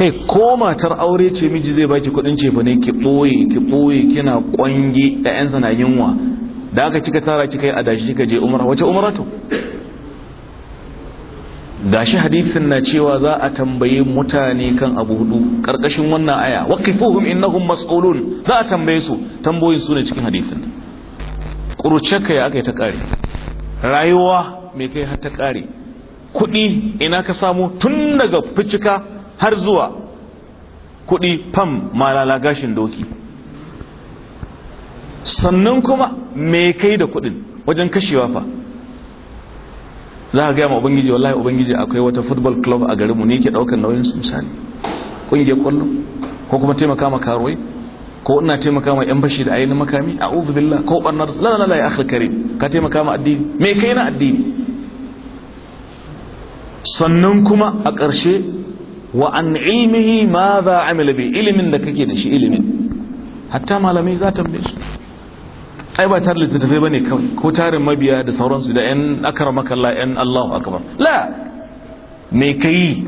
kai ko matar aure ce miji zai baki kudin cefa ne ki boye ki boye kina kwange yan sana yinwa da aka kika tara kika yi adashi kika je umra wace umra to gashi hadisin na cewa za a tambaye mutane kan abu hudu karkashin wannan aya waqifuhum innahum mas'ulun za a tambaye su tambayoyin su ne cikin hadisin kurce kai aka yi ta kare rayuwa me kai har ta kare kudi ina ka samu tun daga ficika har zuwa kuɗi fam malala gashin doki sannan kuma me kai da kudin wajen kashewa fa za a gaya ma ubangiji wallahi ubangiji akwai wata football club a garinmu ne ke ɗaukar nauyin su misali ƙungiyar ƙwallo ko kuma taimaka ma karuwai ko ina taimaka ma 'yan bashi da ainihin makami a uzubillah ko ɓarnar lalala ya akhil kare ka taimaka ma addini me kai na addini sannan kuma a ƙarshe wa an ilmihi ma za amila bi ilimin da kake da shi ilimin hatta malamai za ta su ai ba tare littattafai bane kawai ko tarin mabiya da sauransu da yan akramakallah yan Allahu akbar la me yi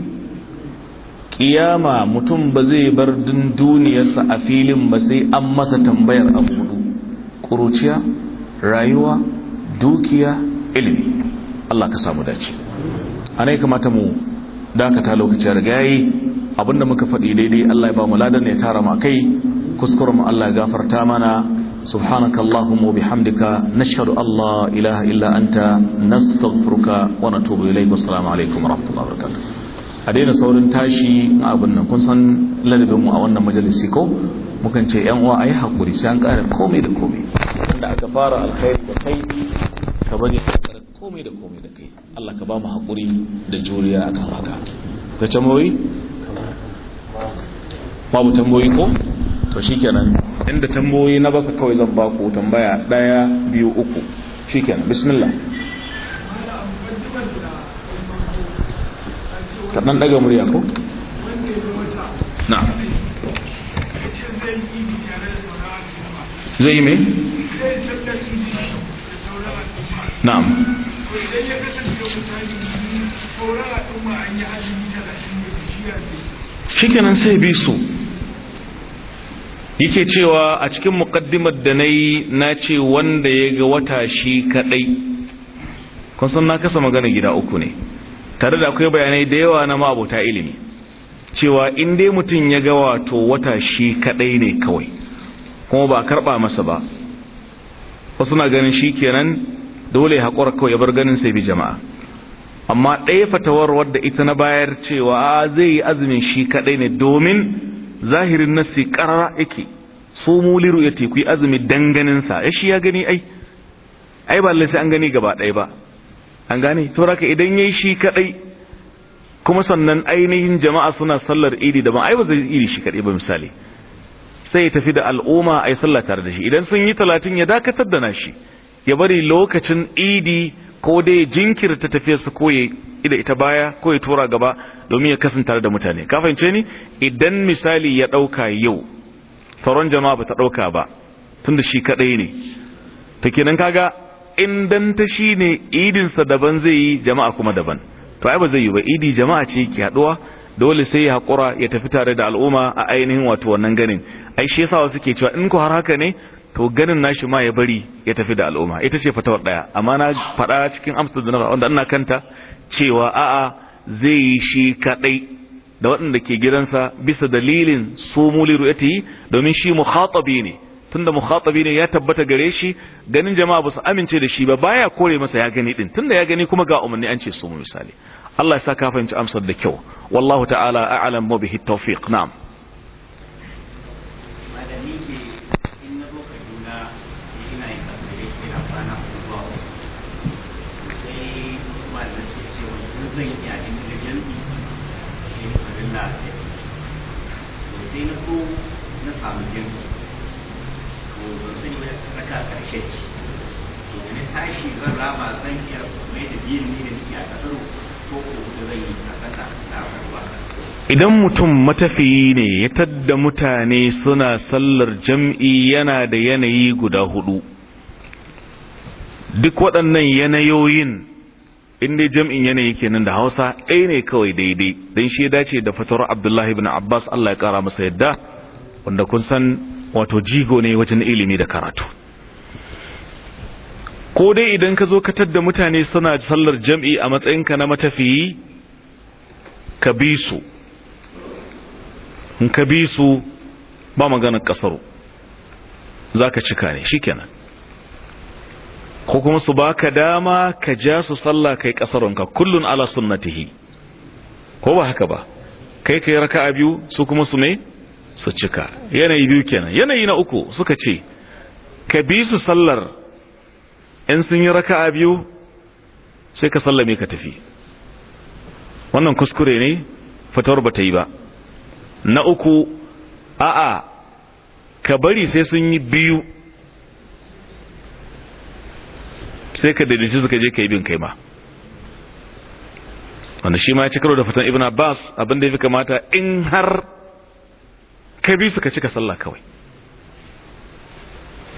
kiyama mutum ba zai bar duniyarsa a filin ba sai an masa tambayar abu hudu kuruciya rayuwa dukiya ilimi Allah ka samu dace anai kamata mu dakata lokaci ya riga abinda muka faɗi daidai Allah ya ba mu ladan ya tara mu kai kuskuren mu Allah ya gafarta mana subhanakallahumma wa bihamdika nashhadu an la ilaha illa anta nastaghfiruka wa natubu ilayk assalamu alaikum wa rahmatullahi wa barakatuh a daina saurin tashi abin nan kun san ladabin mu a wannan majalisi ko mukan ce yan uwa ayi hakuri sai an kare komai da komai aka fara alkhairi da kai ka bari komai da komai da kai Allah ka ba mu haƙuri da juriya akan haka ka tamboyi babu tamboyi ko to shikenan inda tamboyi na baka kawai zan ba ku tambaya daya biyu uku shikenan bismillah ka dan daga murya ko na zai yi mai na'am to idan ya kasance misali al'umma an yi talatin da bishiya ne shikenan sai bi su yake cewa a cikin muqaddimar da nayi na ce wanda ya ga wata shi kadai kun na kasa magana gida uku ne tare da akwai bayanai da yawa na ma'abota ilimi cewa in dai mutum ya ga wato wata shi kadai ne kawai kuma ba karba masa ba wasu na ganin shi kenan dole ya haƙura kawai ya bar ganin sai bi jama'a amma ɗaya fatawar wadda ita na bayar cewa zai yi azumin shi kaɗai ne domin zahirin nasi ƙarara yake so mu liru ya teku yi azumi dan ganin sa ya eh, shi ya gani ai ai ba lallai sai an gani gaba ɗaya ba an gane to raka idan yayi shi kaɗai kuma sannan ainihin jama'a suna sallar idi daban ai ba zai idi shi kaɗai ba misali sai ya tafi da al'umma a ai sallah tare da shi idan sun yi talatin ya dakatar da nashi ya bari lokacin idi ko dai jinkirta tafiyar su ko ya ida ita baya ko ya tura gaba domin ya kasanta da mutane ka fahimce ni idan misali ya dauka yau sauran jama'a ba ta dauka ba tunda shi kadai ne ta kenan kaga in dan ta shine idin sa daban zai yi jama'a kuma daban to ai ba zai yi ba idi jama'a ce ki haduwa dole sai ya hakura ya tafi tare da al'umma a ainihin wato wannan ganin ai shi yasa wasu ke cewa in ko har haka ne to ganin nashi ma ya bari ya tafi da al'umma ita ce fatawar daya amma na faɗa cikin amsterdam wanda ina kanta cewa a'a zai yi shi kaɗai da waɗanda ke gidansa bisa dalilin su muli ru'yati domin shi mukhatabi ne tunda mukhatabi ne ya tabbata gare shi ganin jama'a ba su amince da shi ba baya kore masa ya gani din tunda ya gani kuma ga umarni an ce su misali Allah ya sa ka fahimci amsar da kyau wallahu ta'ala a'lam bihi tawfiq na'am idan mutum matafiyi ne ya tadda mutane suna sallar jam'i yana da yanayi guda hudu duk waɗannan yanayoyin inda jam'in yanayi kenan da hausa ɗaya ne kawai daidai don shi ya dace da fatawar abdullahi bin abbas allah ya ƙara masa yadda wanda kun san wato jigo ne wajen ilimi da karatu ko dai idan ka zo ka tadda mutane suna sallar jam'i a matsayinka na matafiyi ka bi su in ka bi su ba maganar kasaro za ka cika ne shikenan ko kuma su baka dama ka ja su sallah kai kasaronka kullun ala sunnatihi ko ba haka ba kai kai raka'a biyu su kuma su ne su cika yanayi biyu kenan yanayi na uku suka ce ka bi su sallar in sun yi raka'a biyu sai ka sallame ka tafi wannan kuskure ne fatawar ba ta yi ba na uku a'a ka bari sai sun yi biyu sai ka daidaita suka je ka yi bin kai ma wanda shi ma ya ci da fatan ibn abbas abinda ya fi kamata in har ka bi su ka cika sallah kawai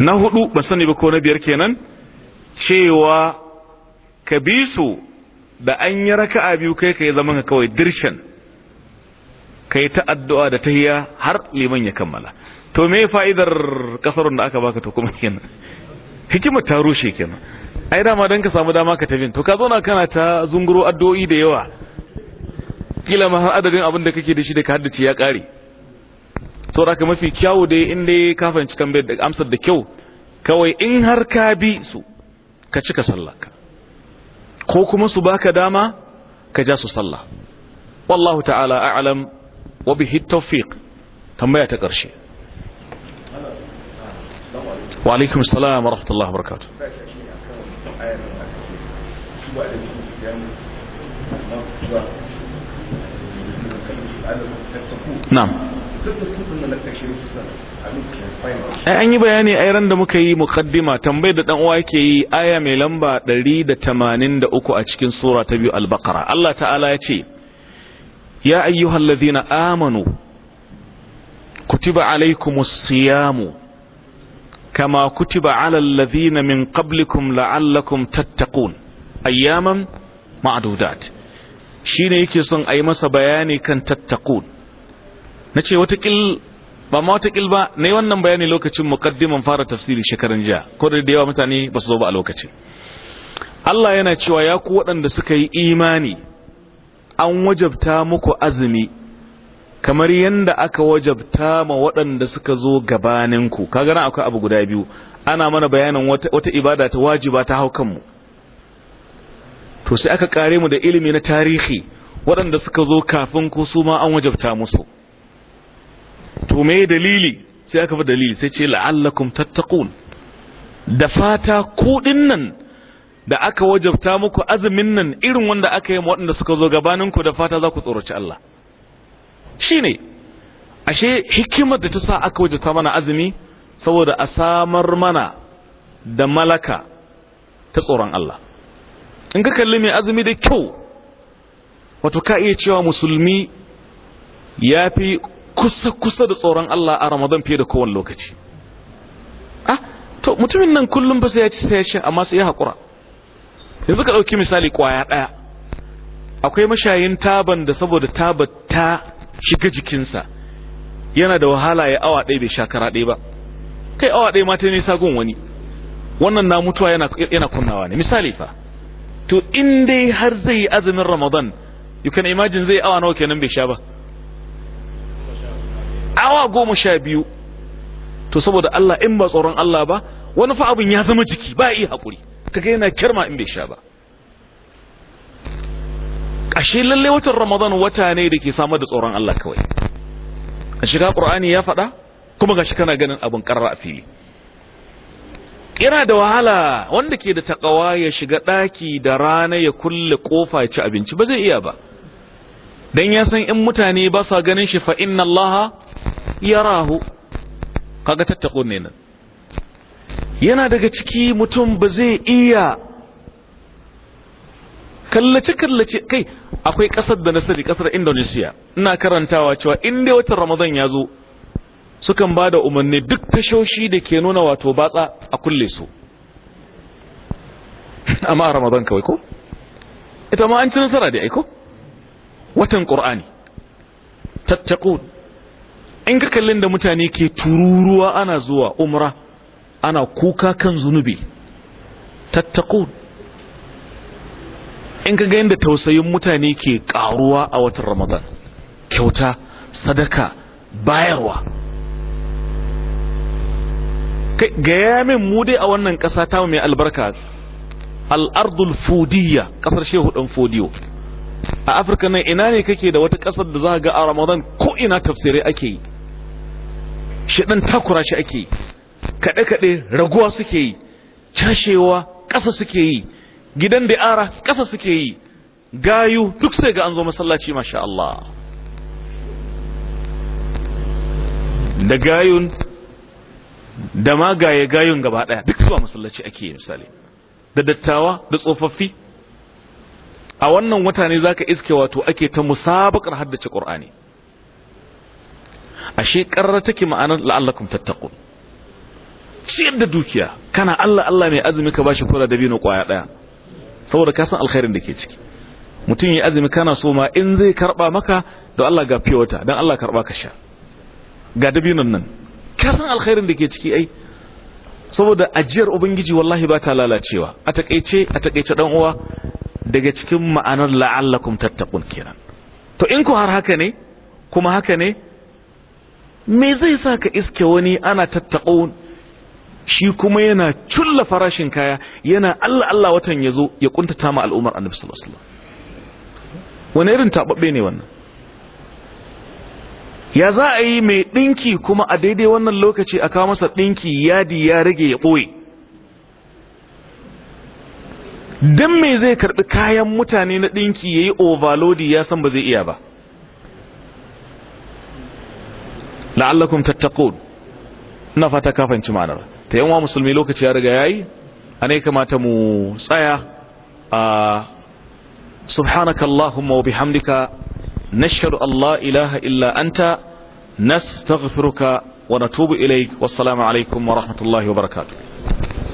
na hudu ba sani ba ko na biyar kenan cewa ka bi su da an yi raka'a biyu kai ka yi zama kawai dirshan kai yi ta addu'a da tahiya har liman ya kammala to me fa'idar kasarun da aka baka to kuma kenan hikima ta rushe kenan ai dama dan ka samu dama ka tafi to ka zo na kana ta zunguro addu'o'i da yawa kila ma har adadin abin da kake da shi da ka haddace ya kare saboda ka mafi kyawu dai in dai ka fahimci tambayar da amsar da kyau kawai in har ka bi su ka cika sallarka ko kuma su baka dama ka ja su sallah wallahu ta'ala a'lam wa bihi tawfiq tambaya ta karshe wa alaikum assalam wa rahmatullahi wa barakatuh na'am ai an yi bayani ai ran da muka yi mukaddima tambayar da dan uwa yake yi aya mai lamba 183 a cikin sura ta biyu al-baqara Allah ta'ala ya ce ya ayyuhallazina amanu kutiba alaykumus siyamu kama kutiba alal ladhina min qablikum la'allakum tattaqun ayyaman ma'dudat shine yake son ayi masa bayani kan tattaqun na ce watakil ba ma watakil ba na yi wannan bayani lokacin mukaddiman fara tafsiri shekaran jiya ko da yawa mutane ba su zo ba a lokacin Allah yana cewa ya ku waɗanda suka yi imani an wajabta muku azumi kamar yadda aka wajabta ma waɗanda suka zo gabaninku kaga na akwai abu guda biyu ana mana bayanin wata, wata ibada ta wajiba ta hau kanmu to sai aka kare mu da ilimi na tarihi waɗanda suka zo kafin ku su ma an wajabta musu to me dalili sai aka fa dalili sai ce la'allakum tattaqun da fata ku nan da aka wajabta muku azumin nan irin wanda aka yi waɗanda suka zo ku da fata za ku tsoraci Allah shine ashe hikimar da ta sa aka wajabta mana azumi saboda a samar mana da malaka ta tsoron Allah in ka kalli mai azumi da kyau wato ka iya cewa musulmi ya fi kusa-kusa da tsoron Allah a Ramadan fiye da kowane lokaci ah to mutumin nan kullum ba sai ya ci sai ya sha amma sai ya haƙura yanzu ka ɗauki misali ƙwaya ɗaya akwai mashayin taban da saboda tabar ta shiga jikinsa yana da wahala ya awa ɗaya bai sha kara ɗaya ba kai awa ɗaya mata ne sagun wani wannan na mutuwa yana kunnawa ne misali fa to in dai har zai yi azumin ramadan you can imagine zai awa nawa kenan bai sha ba awa goma sha biyu to saboda Allah in ba tsoron Allah ba wani fa abin ya zama jiki ba iya haƙuri kaga yana kirma in bai sha ba ashe lalle watan ramadan wata ne da ke samar da tsoron Allah kawai a shiga qur'ani ya faɗa kuma gashi kana ganin abin karra a fili yana da wahala wanda ke da takawa ya shiga ɗaki da rana ya kulle kofa ya ci abinci ba zai iya ba dan ya san in mutane ba sa ganin shi fa inna allaha yarahu kaga tattakun ne nan yana daga ciki mutum ba zai iya kallace-kallace kai akwai kasar da nasiri kasar indonesia ina karantawa cewa inda watan ramadan ya zo sukan ba da umarni duk tashoshi da ke nuna wato batsa a kulle su amma ramadan kawai ko ita ma an ci nasara da aiko watan ƙur'ani tattakun in ka kallon da mutane ke tururuwa ana zuwa umra ana kuka kan zunubi tattakun in ka ga da tausayin mutane ke karuwa a watan ramadan kyauta sadaka bayarwa gaya min mu a wannan ƙasa ta mai albarka al'ardul fudiyya ƙasar shehu ɗan fodiyo a afirka nan ina ne kake da wata ƙasar da za ga a ramadan ko ina tafsirai ake yi shi takura shi ake kaɗe-kaɗe raguwa suke yi cashewa ƙasa suke yi gidan da ara ƙasa suke yi gayu duk sai ga an zo masallaci masha Allah da gayun da ma gaye gayun gaba ɗaya duk zuwa masallaci ake yi misali da dattawa da tsofaffi a wannan wata ne zaka iske wato ake ta musabakar haddace Qur'ani ashe karra take ma'anar la'allakum tattaqu ciyar da dukiya kana Allah Allah mai azumi ka bashi kula da bino kwaya daya saboda ka san alkhairin da ke ciki mutum ya azumi kana so ma in zai karba maka don Allah ga fiye wata don Allah karba ka sha ga dabinon nan ka san alkhairin da ke ciki ai saboda ajiyar ubangiji wallahi ba ta lalacewa a takaice a takaice dan uwa daga cikin ma'anar la'allakum tattaqun kenan to in ku har haka ne kuma haka ne me zai sa ka iske wani ana tattaɓo shi kuma yana culla farashin kaya yana Allah Allah watan ya zo ya kuntata ma al'ummar annabi sallallahu alaihi wasallam wani irin taɓaɓe ne wannan ya za a yi mai dinki kuma a daidai wannan lokaci a kawo masa dinki yadi ya rage ya ɓoye dan me zai karɓi kayan mutane na dinki yayi yi overloading ya san ba zai iya ba لعلكم تتقون نفتا كافن تمانا تيوم مسلمي لوك تيارغا ياي اني كما تمو سايا آه، سبحانك اللهم وبحمدك نشهد الله لا اله الا انت نستغفرك ونتوب اليك والسلام عليكم ورحمه الله وبركاته